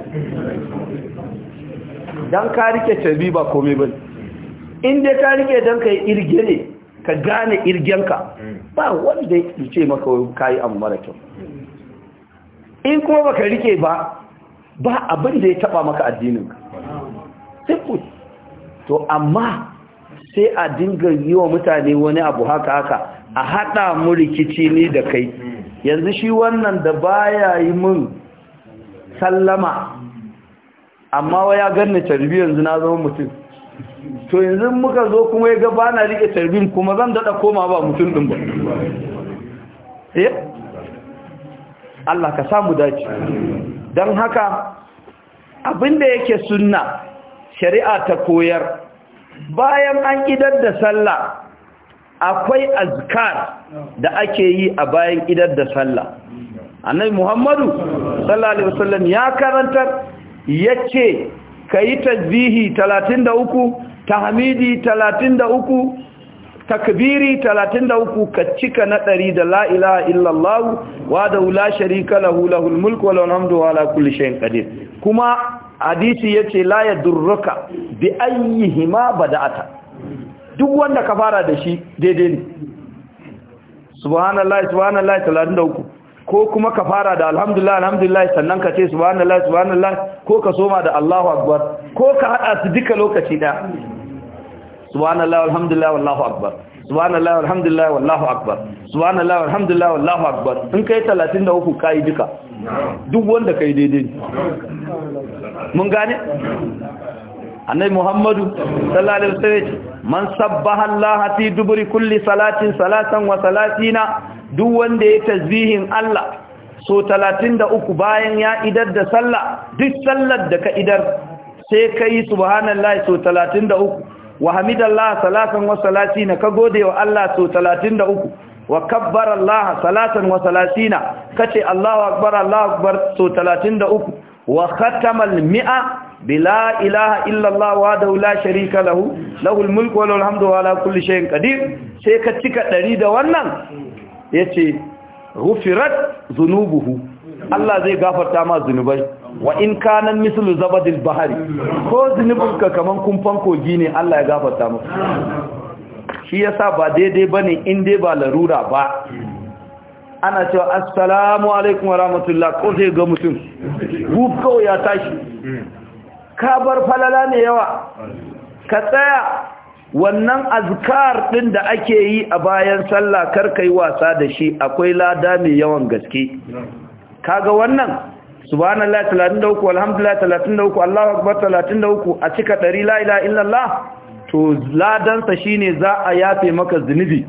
dan ka rike tabi ba komai ba inda ka rike dan ka yi irge ne ka gane irgenka ba wanda ya ce maka kayi abu mara kyau in kuma baka rike ba ba abin da ya taba maka addininka simple to amma sai a dinga yi wa mutane wani abu haka haka a haɗa mu rikici ni da kai yanzu shi wannan da baya yi mun sallama amma wa ya ganna tarbi yanzu na zama mutum to yanzu muka zo kuma ya ga ba na riƙe tarbin kuma zan daɗa koma ba mutum ɗin ba eh Allah ka samu dace don haka abinda yake sunna shari'a ta koyar bayan an idar da sallah akwai azkar da ake yi a bayan idar da sallah annabi muhammadu sallallahu alaihi wasallam ya karantar yace kayi tasbihi 33 tahmidi 33 takbiri 33 ka cika na dari da la ilaha illallah wa da la sharika lahu lahul mulku wa lahul hamdu wa ala kulli shay'in qadir kuma hadisi yace la durruka bi ayyihima bada'ata duk wanda ka fara da shi daidai ne subhanallahi subhanallahi uku ko kuma ka fara da alhamdulillah alhamdulillah sannan ka ce subhanallahi subhanallahi ko ka soma da Allahu akbar ko ka hada su duka lokaci da subhanallahi alhamdulillah wallahu akbar subhanallahi alhamdulillah wallahu akbar subhanallahi alhamdulillah wallahu akbar in kai 33 kai duka duk wanda kai daidai ne mun gane annabi muhammadu sallallahu alaihi wasallam man sabbaha allah fi duburi kulli salatin salatan wa salatina duk wanda ya tasbihin allah so 33 bayan ya idar da sallah duk sallar da ka idar sai kai subhanallahi so 33 wa hamidallahi salatan wa salatina ka gode wa allah so 33 wa kabbara Allah salatan wa salatina kace Allahu akbar Allahu akbar so 33 wa khatamal mi'a bila ilaha illa Allah la sharika lahu lahul mulku wa lahul hamdu wa ala kulli shay'in qadir sai ka cika 100 da wannan yace ghufirat dhunubuhu Allah zai gafarta ma zunubai wa in kana mislu zabadil bahari ko zunubinka kaman kumfan kogi ne Allah ya gafarta maka shi ya sa ba daidai ba in dai ba larura ba ana cewa assalamu alaikum wa rahmatullah ko sai ga mutum gub ya tashi ka bar falala ne yawa ka tsaya wannan azkar din da ake yi a bayan sallah kar yi wasa da shi akwai lada mai yawan gaske kaga wannan subhanallahi 33 alhamdulillah 33 Allahu akbar 33 a cika ɗari la ilaha illallah to ladansa shine za a yafe maka zunubi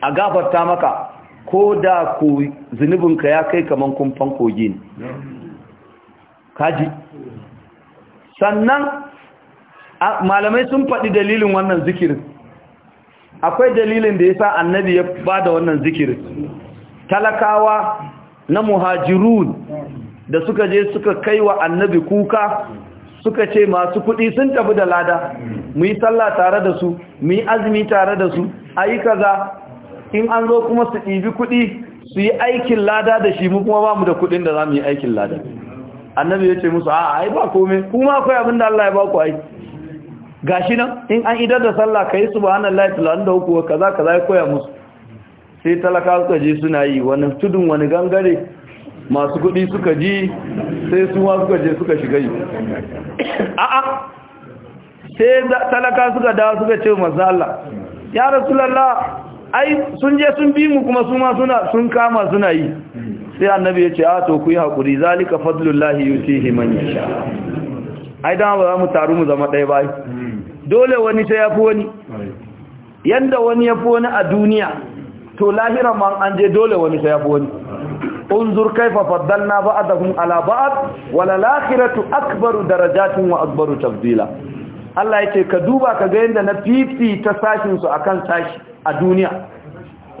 a gafarta maka ko da ku zunubinka ya kai kaman kumfan kogi ne kaji sannan malamai sun faɗi dalilin wannan zikirin akwai dalilin da ya sa annabi ya ba da wannan zikirin talakawa na muhajirun da suka je suka kai wa annabi kuka suka ce masu kuɗi sun tafi da lada mu yi sallah tare da su mu yi azumi tare da su ayi kaza in an zo kuma su ɗibi kuɗi su yi aikin lada da shi mu kuma ba mu da kuɗin da za mu yi aikin lada annabi ya ce musu a ai ba komai kuma akwai abin da Allah ya ba ku ai gashi nan in an idar da sallah kai subhanallahi talatin da uku kaza kaza ya koya musu sai talaka suka je suna yi wani tudun wani gangare masu kuɗi suka ji sai su ma suka je suka shiga yi a'a sai talaka suka dawa suka ce masu Allah ya lalla ai sun je sun bi mu kuma su suna sun kama suna yi sai annabi ya ce a to ku yi hakuri zalika fadlullahi yutihi man yasha ai dama ba za mu taru mu zama ɗaya ba dole wani sai ya fi wani yanda wani ya fi wani a duniya to lahira ma an je dole wani sai ya fi wani unzur kaifa faddalna ba'dahum ala ba'd wala lakhiratu akbaru darajatin wa akbaru tafdila Allah ya ce ka duba ka ga yadda na fifita sashin su akan sashi a duniya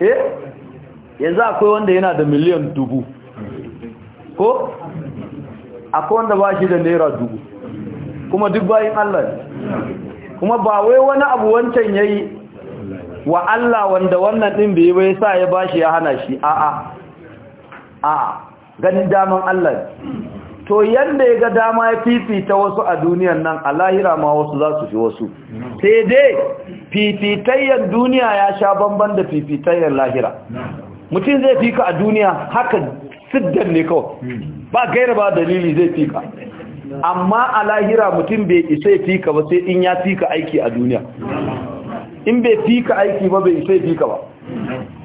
eh yanzu akwai wanda yana da miliyan dubu ko akwai wanda ba shi da naira dubu kuma duk bayan Allah kuma ba wai wani abu wancan ya yi wa Allah wanda wannan ɗin bai bai sa ya bashi ya hana shi a'a a'a ganin daman Allah to yanda ya ga dama ya fifita wasu a duniyan nan a lahira ma wasu za su fi wasu sai dai fifitayyar duniya ya sha bamban da fifitayyar lahira mutum zai fika a duniya haka siddan ne kawai ba gaira ba dalili zai fika amma a lahira mutum bai isa ya fika ba sai in ya fika aiki a duniya in bai fika aiki ba bai isa ya fika ba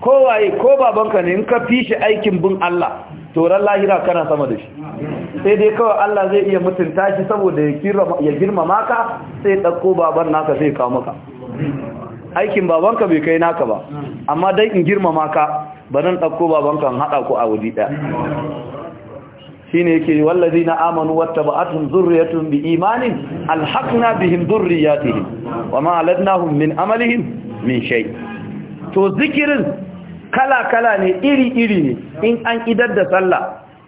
kowaye ko babanka ne in ka fi shi aikin bin Allah toron lahira kana sama da shi sai dai kawai Allah zai iya mutunta shi saboda ya girmama ka sai ɗauko baban naka sai kawo maka aikin babanka bai kai naka ba amma dai in girmama ka barin ɗauko babanka in haɗa ku a wuri ɗaya shi ne yake wallazi na amanu wata ba'atun zurriyatun bi imanin alhakna bihim zurriyatihim wa ma'alatnahum min amalihim min sha'i. to zikirin kala-kala ne iri-iri ne in an idar da sallah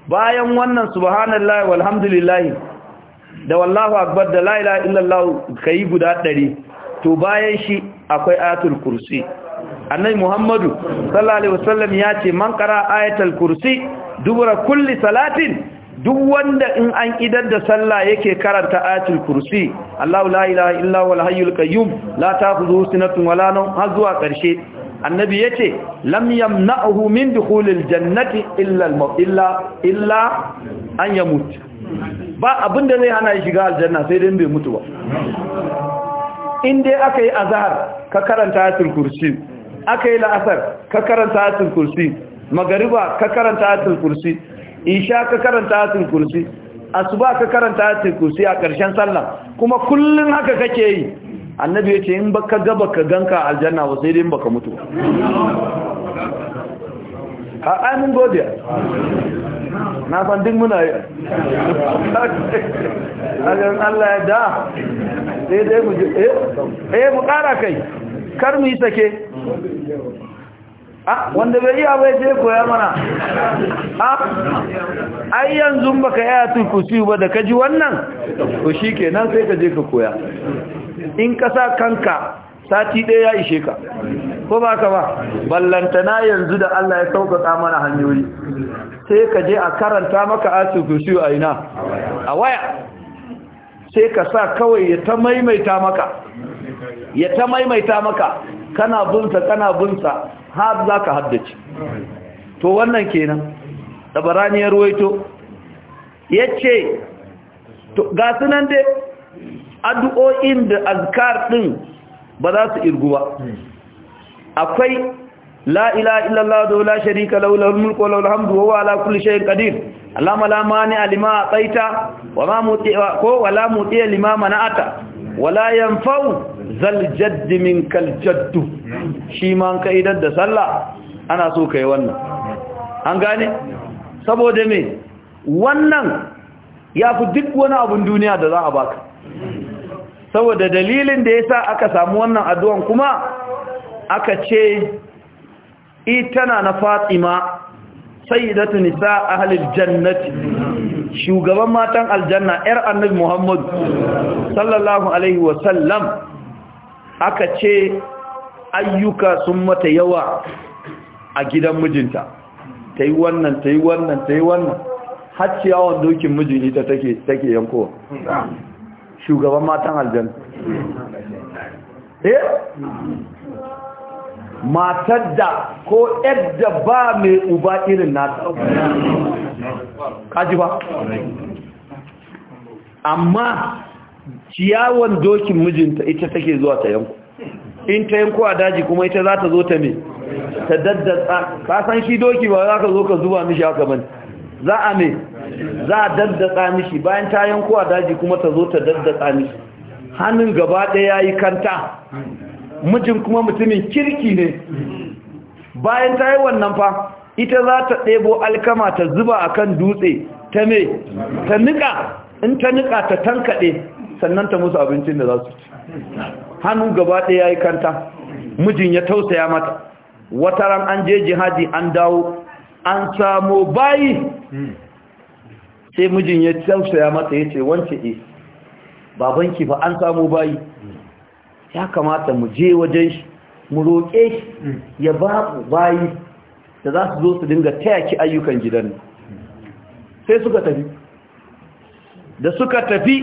bayan wannan subhanallahi walhamdulillahi da wallahu akbar da la ilaha ka yi guda ɗari, to bayan shi akwai ayatul kursi annabi muhammadu sallallahu alaihi wasallam ya ce man qara ayatul kursi dubura kulli salatin duk wanda in an idar da sallah yake karanta ayatul kursi Allahu la ilaha illa huwal la qayyum la ta'khudhuhu sinatun wala nan, har zuwa ƙarshe. annabi yace lam yamna'uhu min dukhulil jannati illa illa illa an yamut ba abinda zai hana shiga aljanna sai dan bai mutu ba in dai aka yi azhar ka karanta ayatul kursi aka yi la'asar ka karanta ayatul kursi magariba ka karanta ayatul kursi isha ka karanta ayatul kursi asuba ka karanta ayatul kursi a karshen sallah kuma kullun haka kake yi annabi ya ce yin baka ga ka ganka aljanna ba sai dai baka mutu a amin godiya na san duk muna yi a allah ya da sai dai mu ji eh, eh mu kara kai kar mu yi sake a ah, wanda bai iya bai je koya mana a ah, ai yanzu baka yaya turkusi ba da kaji wannan ko shikenan sai ka je ka koya in ka sa kanka sati ɗaya ya ishe ka ko ba ka ba ballantana yanzu da Allah ya sauƙaƙa mana hanyoyi sai ka je a karanta maka asukusiyu a ina a waya sai ka sa kawai ya ta maimaita maka ya ta maimaita maka kana bunsa kana bunsa har za ka haddace to wannan kenan tabarani ya ruwaito ya ce ga sunan dai addu'o'in da azkar din ba za su irgu ba akwai la ilaha illallah wa la sharika lahu lahul mulku wa lahul hamdu wa huwa ala kulli shay'in qadir allama la mani alima ataita wa ma muti ko wa la muti lima mana'ata wa la yanfa'u zal jadd minkal jadd shi ma an kaidar da sallah ana so kai wannan an gane saboda me wannan ya fi duk wani abun duniya da za a baka saboda dalilin da ya sa aka samu wannan addu'an kuma aka ce tana na Fatima sayyidatu nisa halin jannati shugaban matan aljanna yar annabi Muhammad sallallahu alaihi wa sallam aka ce ayyuka sun mata yawa a gidan mijinta ta yi wannan ta yi wannan ta yi wannan har dokin mijin ita take yankowa shugaban matan aljan eh matar da ko yadda ba mai uba irin nata kaji ba amma ciyawan dokin mijinta ita take zuwa ta yanku in ta yanku a daji kuma ita za ta zo ta ta daddatsa ka san shi doki ba za ka zo ka zuba mishi haka mani za a me za a daddatsa mishi bayan ta yanko a daji kuma ta zo ta daddatsa mishi hannun gaba ɗaya ya yi kanta mijin kuma mutumin kirki ne bayan ta yi wannan fa ita za ta ɗebo alkama ta zuba a kan dutse ta me ta nika in ta nika ta tankaɗe sannan ta musu abincin da za su ci hannun gaba ɗaya ya yi kanta mijin ya tausaya mata wataran an je jihadi an dawo an samu bayi hmm. sai mijin ya tausaya mata ya ce wance e babanki ba an samu bayi hmm. ya kamata mu je wajen shi mu roƙe shi hmm. ya ba bayi da za su zo su dinga taya ki ayyukan gidan sai suka tafi da suka tafi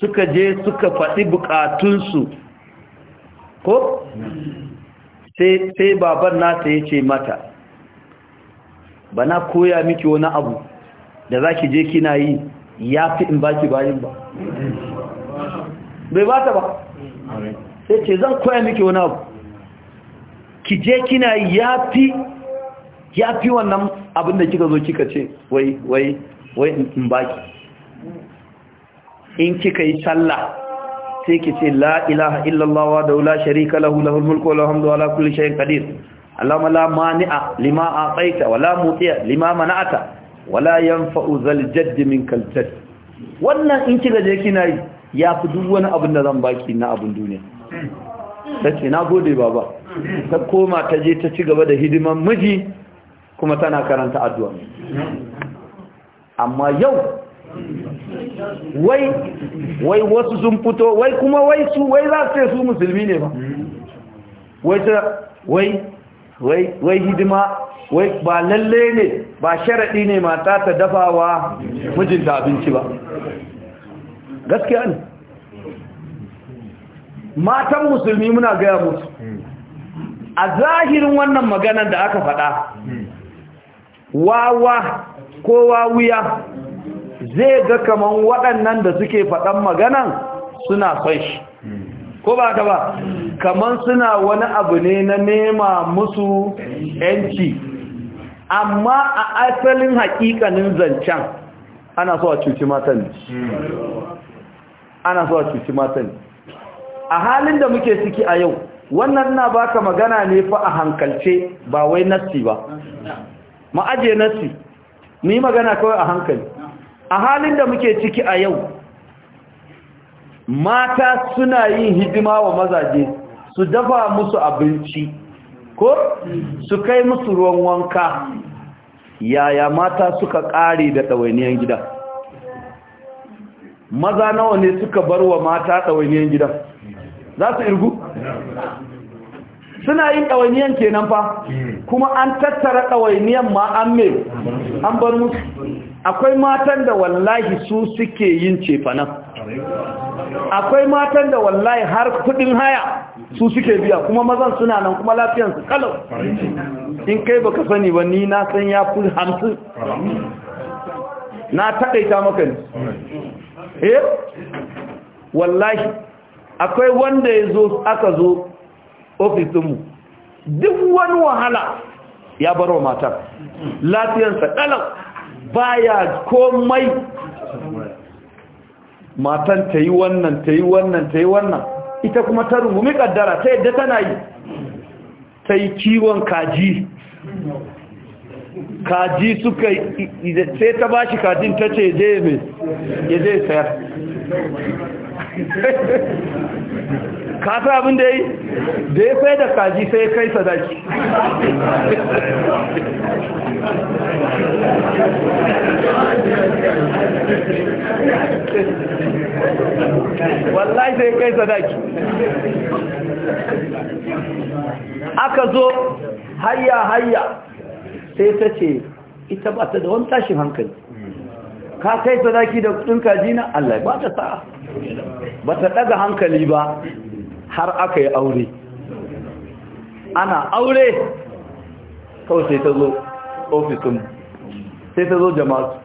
suka je suka faɗi buƙatunsu ko sai baban nata ya ce mata bana koya miki wani abu da za ki je kina yi ya fi in baki bayin ba bai bata ba sai ce zan koya miki wani abu ki je kina yi ya fi ya fi wannan abin da kika zo kika ce wai wai wai in baki in kika yi sallah sai ki ce la ilaha illallah wa daula sharika lahu lahul mulku wa lahul hamdu ala kulli shay'in qadir اللهم لا مانع لما أعطيت ولا مطيع لما منعت ولا ينفع ذا الجد منك الجد wannan in kiga je kina yi yafi duk wani abin da zan baki na abin duniya tace na gode baba ta koma ta je ta ci gaba da hidiman miji kuma tana karanta addu'a amma yau wai wai wasu sun fito wai kuma wai su wai za su ce su musulmi ne ba wai ta wai wai hidima wai ba lalle ne ba sharaɗi ne mata ta dafa wa mijinta abinci ba gaskiya ne matan musulmi muna gaya musu. a zahirin wannan maganar da aka faɗa wawa ko wawuya zai ga kaman waɗannan da suke faɗan maganan suna son ko ba ta ba kaman suna wani abu ne na nema musu yanci amma a asalin haƙiƙanin zancen ana so a cuci matan ana so a cuci matan a halin da muke ciki a yau wannan na baka magana ne fa a hankalce ba wai nassi ba ma'aje nassi ni magana kawai a hankali a halin da muke ciki a yau mata suna yin hidima wa mazaje su dafa musu abinci ko su kai musu ruwan wanka yaya mata suka ƙare da ɗawainiyan gida maza nawa ne suka bar wa mata ɗawainiyan gida za su irgu suna yin ɗawainiyan kenan fa kuma an tattara ɗawainiyan ma an me an bar musu akwai matan da wallahi su suke yin cefanan akwai matan da wallahi har kudin haya su suke biya kuma mazan suna nan kuma lafiyansu kalau in kai baka sani ba ni na san ya fi hamsin na taɗaita maka ne eh wallahi akwai wanda ya zo aka zo ofisinmu duk wani wahala ya barwa matar lafiyansa kalau baya komai matan ta yi wannan ta yi wannan ta yi wannan ita kuma ta rungumi kaddara ta yadda tana yi ta yi kiwon kaji kaji suka sai ta ba shi kajin ta ce je mai ya zai sayar ka abin da ya yi da ya sai da kaji sai kai sadaki wallahi sai kai sadaki aka zo hayya hayya sai ta ce ita ba ta da wani tashin hankali ka kai sadaki da kudin kaji na allah ba ta sa'a ba ta daga hankali ba har aka yi aure ana aure kawai sai ta zo ofisun sai ta zo jama'atu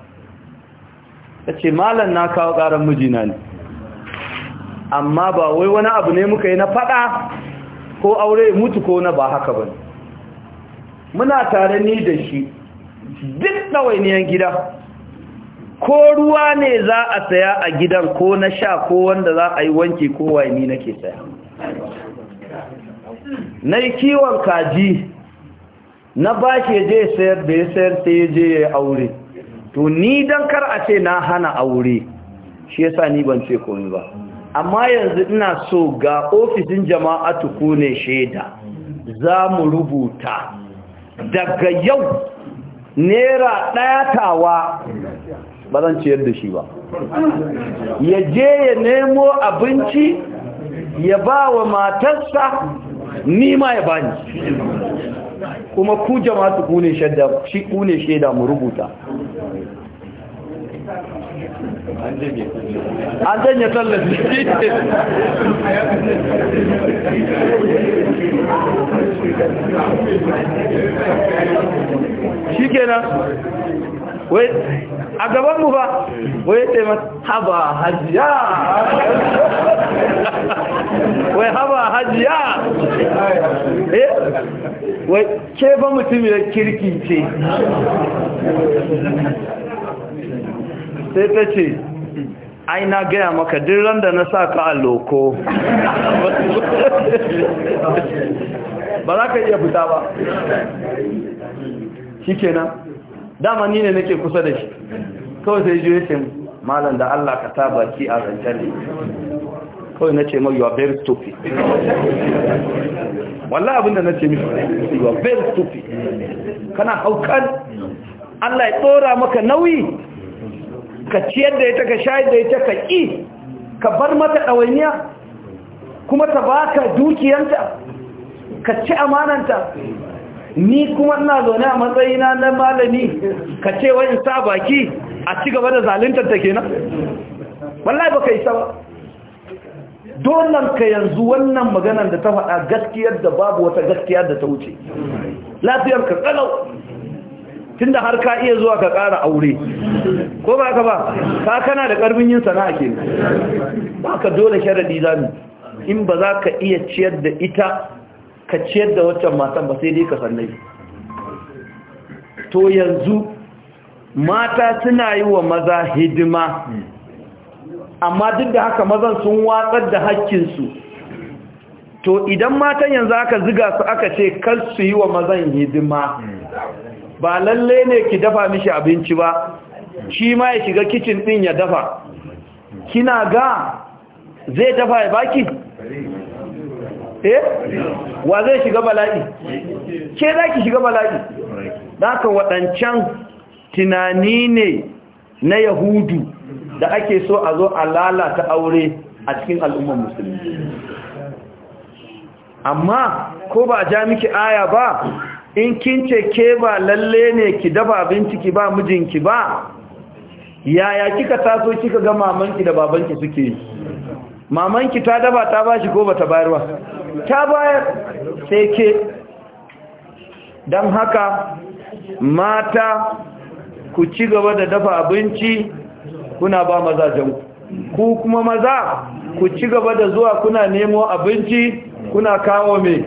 ta ce malam na kawo ƙarar mijina ne amma ba wai wani abu ne muka yi na faɗa ko aure mutu ko na ba haka ba muna tare ni da shi duk ɗawainiyar gida ko ruwa ne za a saya a gidan ko na sha ko wanda za a yi wanki ko waini nake saya na yi kiwon kaji na ba ke je sayar da ya sayar sai je ya aure to ni don kar a ce na hana aure shi ya sa ni ban ce komi ba amma yanzu ina so ga ofisin jama'a tukune shaida za mu rubuta daga yau nera tawa ba zan ciyar da shi ba ya je ya nemo abinci ya ba wa matarsa ni ma ya bani kuma ku jama'a ku ne shaida shi ku ne shaida mu rubuta an janye tallafi shi kenan a gaban mu ba wai ce mata haba hajiya wai haba hajiya eh, wai ke ba mutum ya kirki ce sai ta ce ai na gaya maka duk randa na sa ka a loko ba za ka iya fita ba shi kenan dama ni ne nake kusa da shi kawai sai juye ce malam da Allah ka ta ki a zancen ne kawai na ce mai you very stupid walla abinda na ce mishi you are very stupid kana haukan Allah ya tsora maka nauyi ka ciyar da ita ka shayar da ita ka ƙi ka bar mata ɗawainiya kuma ta baka dukiyanta ka ci amananta ni kuma ina zaune a matsayina na malami ka ce wa in sa baki a ci gaba da zaluntar ta kenan wallahi ka isa ba dolan ka yanzu wannan maganar da ta faɗa gaskiyar da babu wata gaskiyar da ta wuce lafiyar ka tsalau tunda har ka iya zuwa ka ƙara aure ko ba ka ba ka kana da ƙarfin yin sana'a ke ba ka dole sharadi zami in ba za ka iya ciyar da ita ka ciyar da waccan matan ba sai dai ka sannai to yanzu mata suna yi wa maza hidima amma duk da haka mazan sun watsar da hakkinsu to idan matan yanzu aka ziga su aka ce kar su yi wa mazan hidima ba lalle ne ki dafa mishi abinci ba shi ma ya shiga kicin ɗin ya dafa kina ga zai dafa ya baki eh wa zai shiga bala'i ke za ki shiga bala'i da ka waɗancan tunani ne na yahudu da ake so a zo a lalata aure a cikin al'ummar musulmi amma ko ba a ja miki aya ba in kin ce ke ba lalle ne ki dafa abinci ki ba mijinki ba yaya kika taso kika ga mamanki da babanki suke mamanki ta daba ta bashi ko bata bayarwa ta bayar sai ke don haka mata ku ci gaba da dafa abinci kuna ba mazajen ku kuma maza ku ci gaba da zuwa kuna nemo abinci kuna kawo me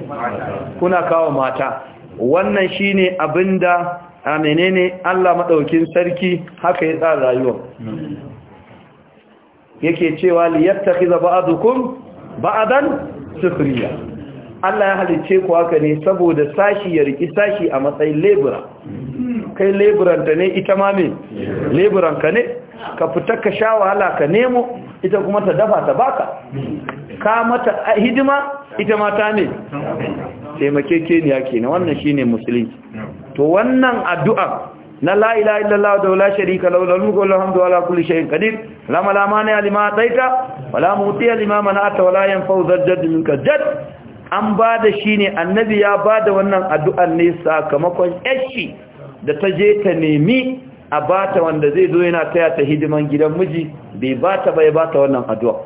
kuna kawo mata wannan shine abinda a menene Allah maɗaukin sarki haka ya tsara rayuwa yake cewa liyattakhiza ba'dukum ba'dan sukhriya Allah ya halice ku haka ne saboda sashi ya riki sashi a matsayin lebura kai leburan ta ne ita ma me leburan ka ne ka fita ka sha wahala ka nemo ita kuma ta dafa ta baka ka mata hidima ita ma ne taimakekeniya kenan wannan shine musulunci to wannan addu'a na la ilaha illallah wa la sharika lahu lahul mulku wa lahul hamdu ala kulli shay'in qadir la malamana lima ataita wa la mutiya lima mana'ata wa la yanfa'u zajd minka an bada shine annabi ya bada wannan addu'an ne sakamakon yashi da ta je ta nemi a bata wanda zai zo yana taya ta hidiman gidan miji bai bata bai bata wannan addu'a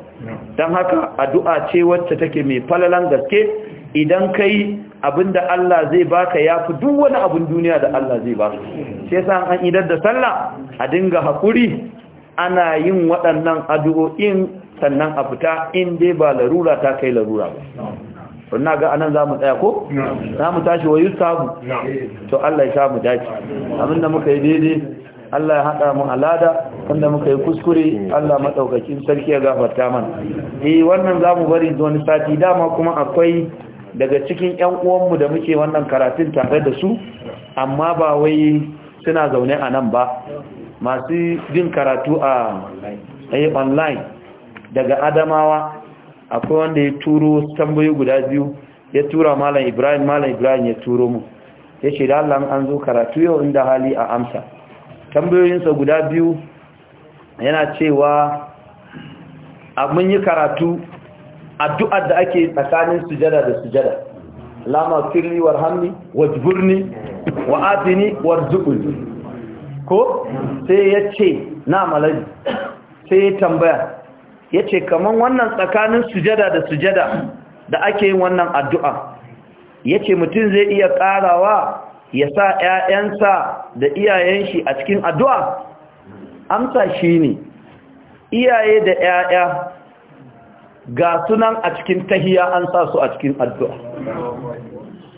dan haka addu'a ce wacce take mai falalan gaske idan kai abinda Allah zai baka yafi duk wani abin duniya da Allah zai baka shi yasa an idar da sallah a dinga hakuri ana yin waɗannan addu'o'in sannan a fita in dai ba larura ta kai larura ba sunna ga anan za mu tsaya ko za mu tashi wa yusabu to Allah ya sa mu dace da muka yi daidai Allah ya haɗa mu alada wanda muka yi kuskure Allah maɗaukakin sarki ya gafarta mana eh wannan zamu bari don sati dama kuma akwai daga cikin 'yan uwanmu da muke wannan karatun tare da su amma ba wai suna zaune a nan ba masu jin karatu a online daga adamawa akwai wanda ya turo tambayi guda biyu ya tura malam ibrahim malam ibrahim ya turo mu ya ce da allah an zo karatu yau inda hali a amsa tambayoyinsa guda biyu yana cewa mun yi karatu addu'ar da ake tsakanin sujada da sujada lama firli warhamni wajburni wa atini warzuqni ko sai yace na malaji sai ya tambaya yace kaman wannan tsakanin sujada da sujada da ake yin wannan addu'a yace mutum zai iya karawa ya sa 'ya'yansa da iyayen shi a cikin addu'a amsa shi ne iyaye da 'ya'ya. ga sunan a cikin tahiya an sa su a cikin addu'a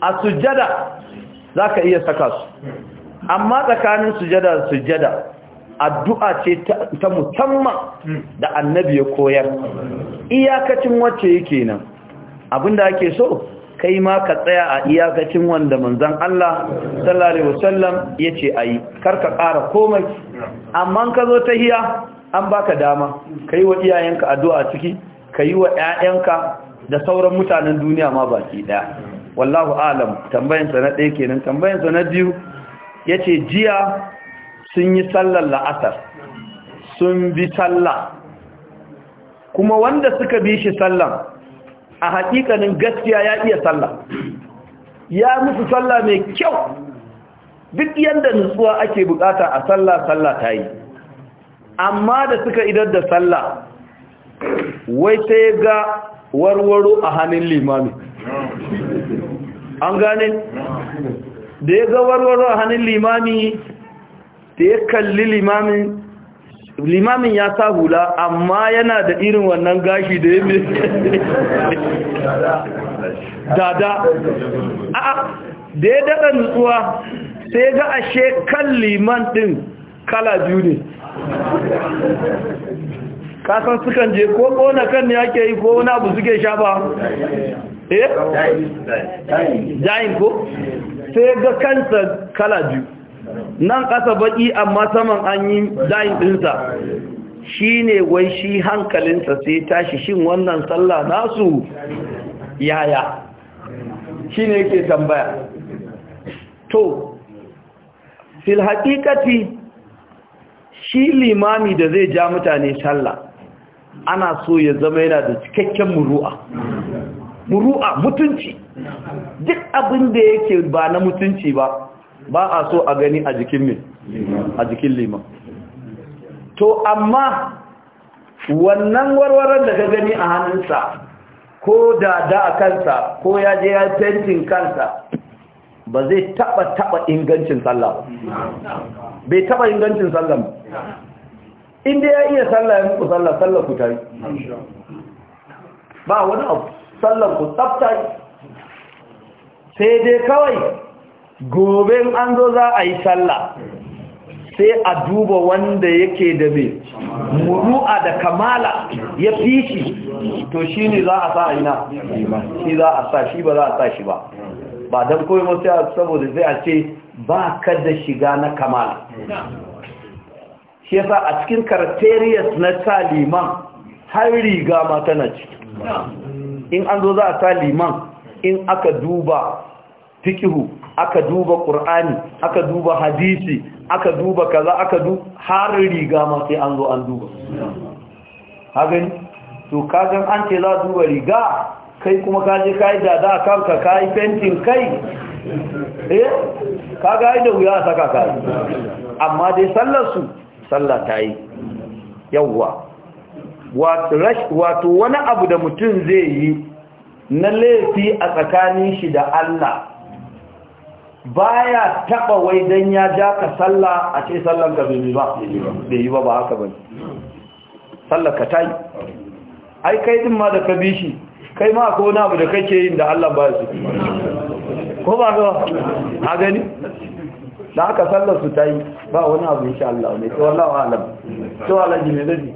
a sujada za ka iya saka su amma tsakanin sujada da sujada addu'a ce ta musamman da annabi ya koyar iyakacin wacce yake nan abinda ake so kai ma ka tsaya a iyakacin wanda manzan Allah sallallahu alaihi ce yace ayi karka ƙara komai amma ka zo ta hiya an baka dama Ka yi wa iyayenka addu'a ciki ka yi wa 'ya'yanka da sauran mutanen duniya ma baki ɗaya wallahu alam tambayinsa na ɗaya kenan tambayinsa na biyu ya ce jiya sun yi sallar la'asar sun bi sallah kuma wanda suka bi shi sallan a hakikanin gaskiya ya iya sallah ya musu sallah mai kyau duk yadda nutsuwa ake bukata a sallah sallah ta yi amma da suka idar da sallah wai sai ga warwaro a hannun limami an gane da ya ga warwaro a hannun limami da ya kalli limamin limamin ya sa hula amma yana da irin wannan gashi da ya mai dada a da ya daɗa nutsuwa sai ga ashe kan liman ɗin kala biyu ne kasan sukan je ko kona kan ne ake yi ko wani abu suke sha eh jayin ko sai ga kansa kala biyu nan kasa baki amma saman an yi jayin dinsa shi ne wai shi hankalinsa sai tashi shin wannan sallah nasu yaya shi yake tambaya to fil haƙiƙati shi limami da zai ja mutane sallah ana so ya zama yana da cikakken muru'a muru'a mutunci duk abin da yake ba na mutunci ba ba a so a gani a jikin mai a jikin liman to amma wannan warwarar da ka gani a hannunsa ko da da a kansa ko ya je ya fentin kansa ba zai taba taba ingancin sallah bai taba ingancin sallah inda ya iya sallah ya muku sallah sallah ku tayi ba wani abu sallah ku tsafta sai dai kawai gobe an zo za a yi sallah sai a duba wanda yake da mai muru'a da kamala ya fi shi to shi ne za a sa ina shi za a sa shi ba za a sa shi ba ba don kawai masu saboda sai a ce ba ka da shiga na kamala shi yasa a cikin karakteriyas na taliman liman har riga ma tana ci in an zo za a taliman liman in aka duba fikihu aka duba ƙur'ani aka duba hadisi aka duba kaza aka du har riga ma sai an zo an duba hagan to kagan an ce za duba riga kai kuma kaje kai da da kanka kai fentin kai eh kaga yi da wuya saka kai amma dai sallar su sallah ta yi yawwa wato wani abu da mutum zai yi na laifi a tsakanin shi da Allah baya taba wai dan ya ja ka sallah a ce sallan ka bai ba bai yi ba ba haka bane sallar ka yi. ai kai din ma da ka bi shi kai ma akwai wani abu da kake yin da Allah ba su ko ba ga ha gani da aka sallar su ta yi ba wani abu insha Allah ne to alam to ji ne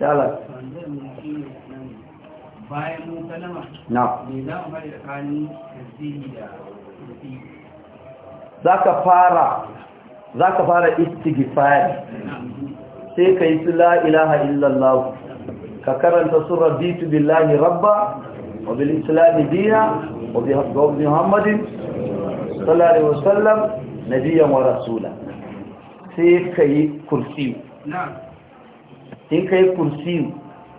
ya Allah bayan kalama na me za mu bari tsakanin da zaka fara zaka fara istighfar sai kai su la ilaha illallah ka karanta surar raditu billahi rabba wa bil islam dina muhammadin sallallahu alaihi wasallam nabiyan wa rasula sai ka yi kursiyu in ka yi kursiyu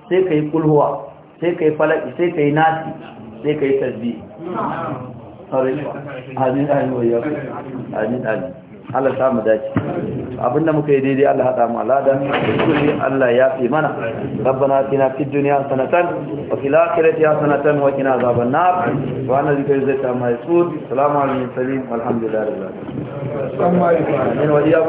sai ka yi kulhuwa sai ka yi falaki sai ka yi nasi sai ka yi tasbi amin amin Allah ta mu dace abinda muka yi daidai Allah hada mu alada kulli Allah ya fi mana rabbana atina fid dunya hasanatan wa fil akhirati hasanatan wa qina azaban nar wa ana zikri zata ma yasud salamu alayhi wa sallam walhamdulillahi rabbil alamin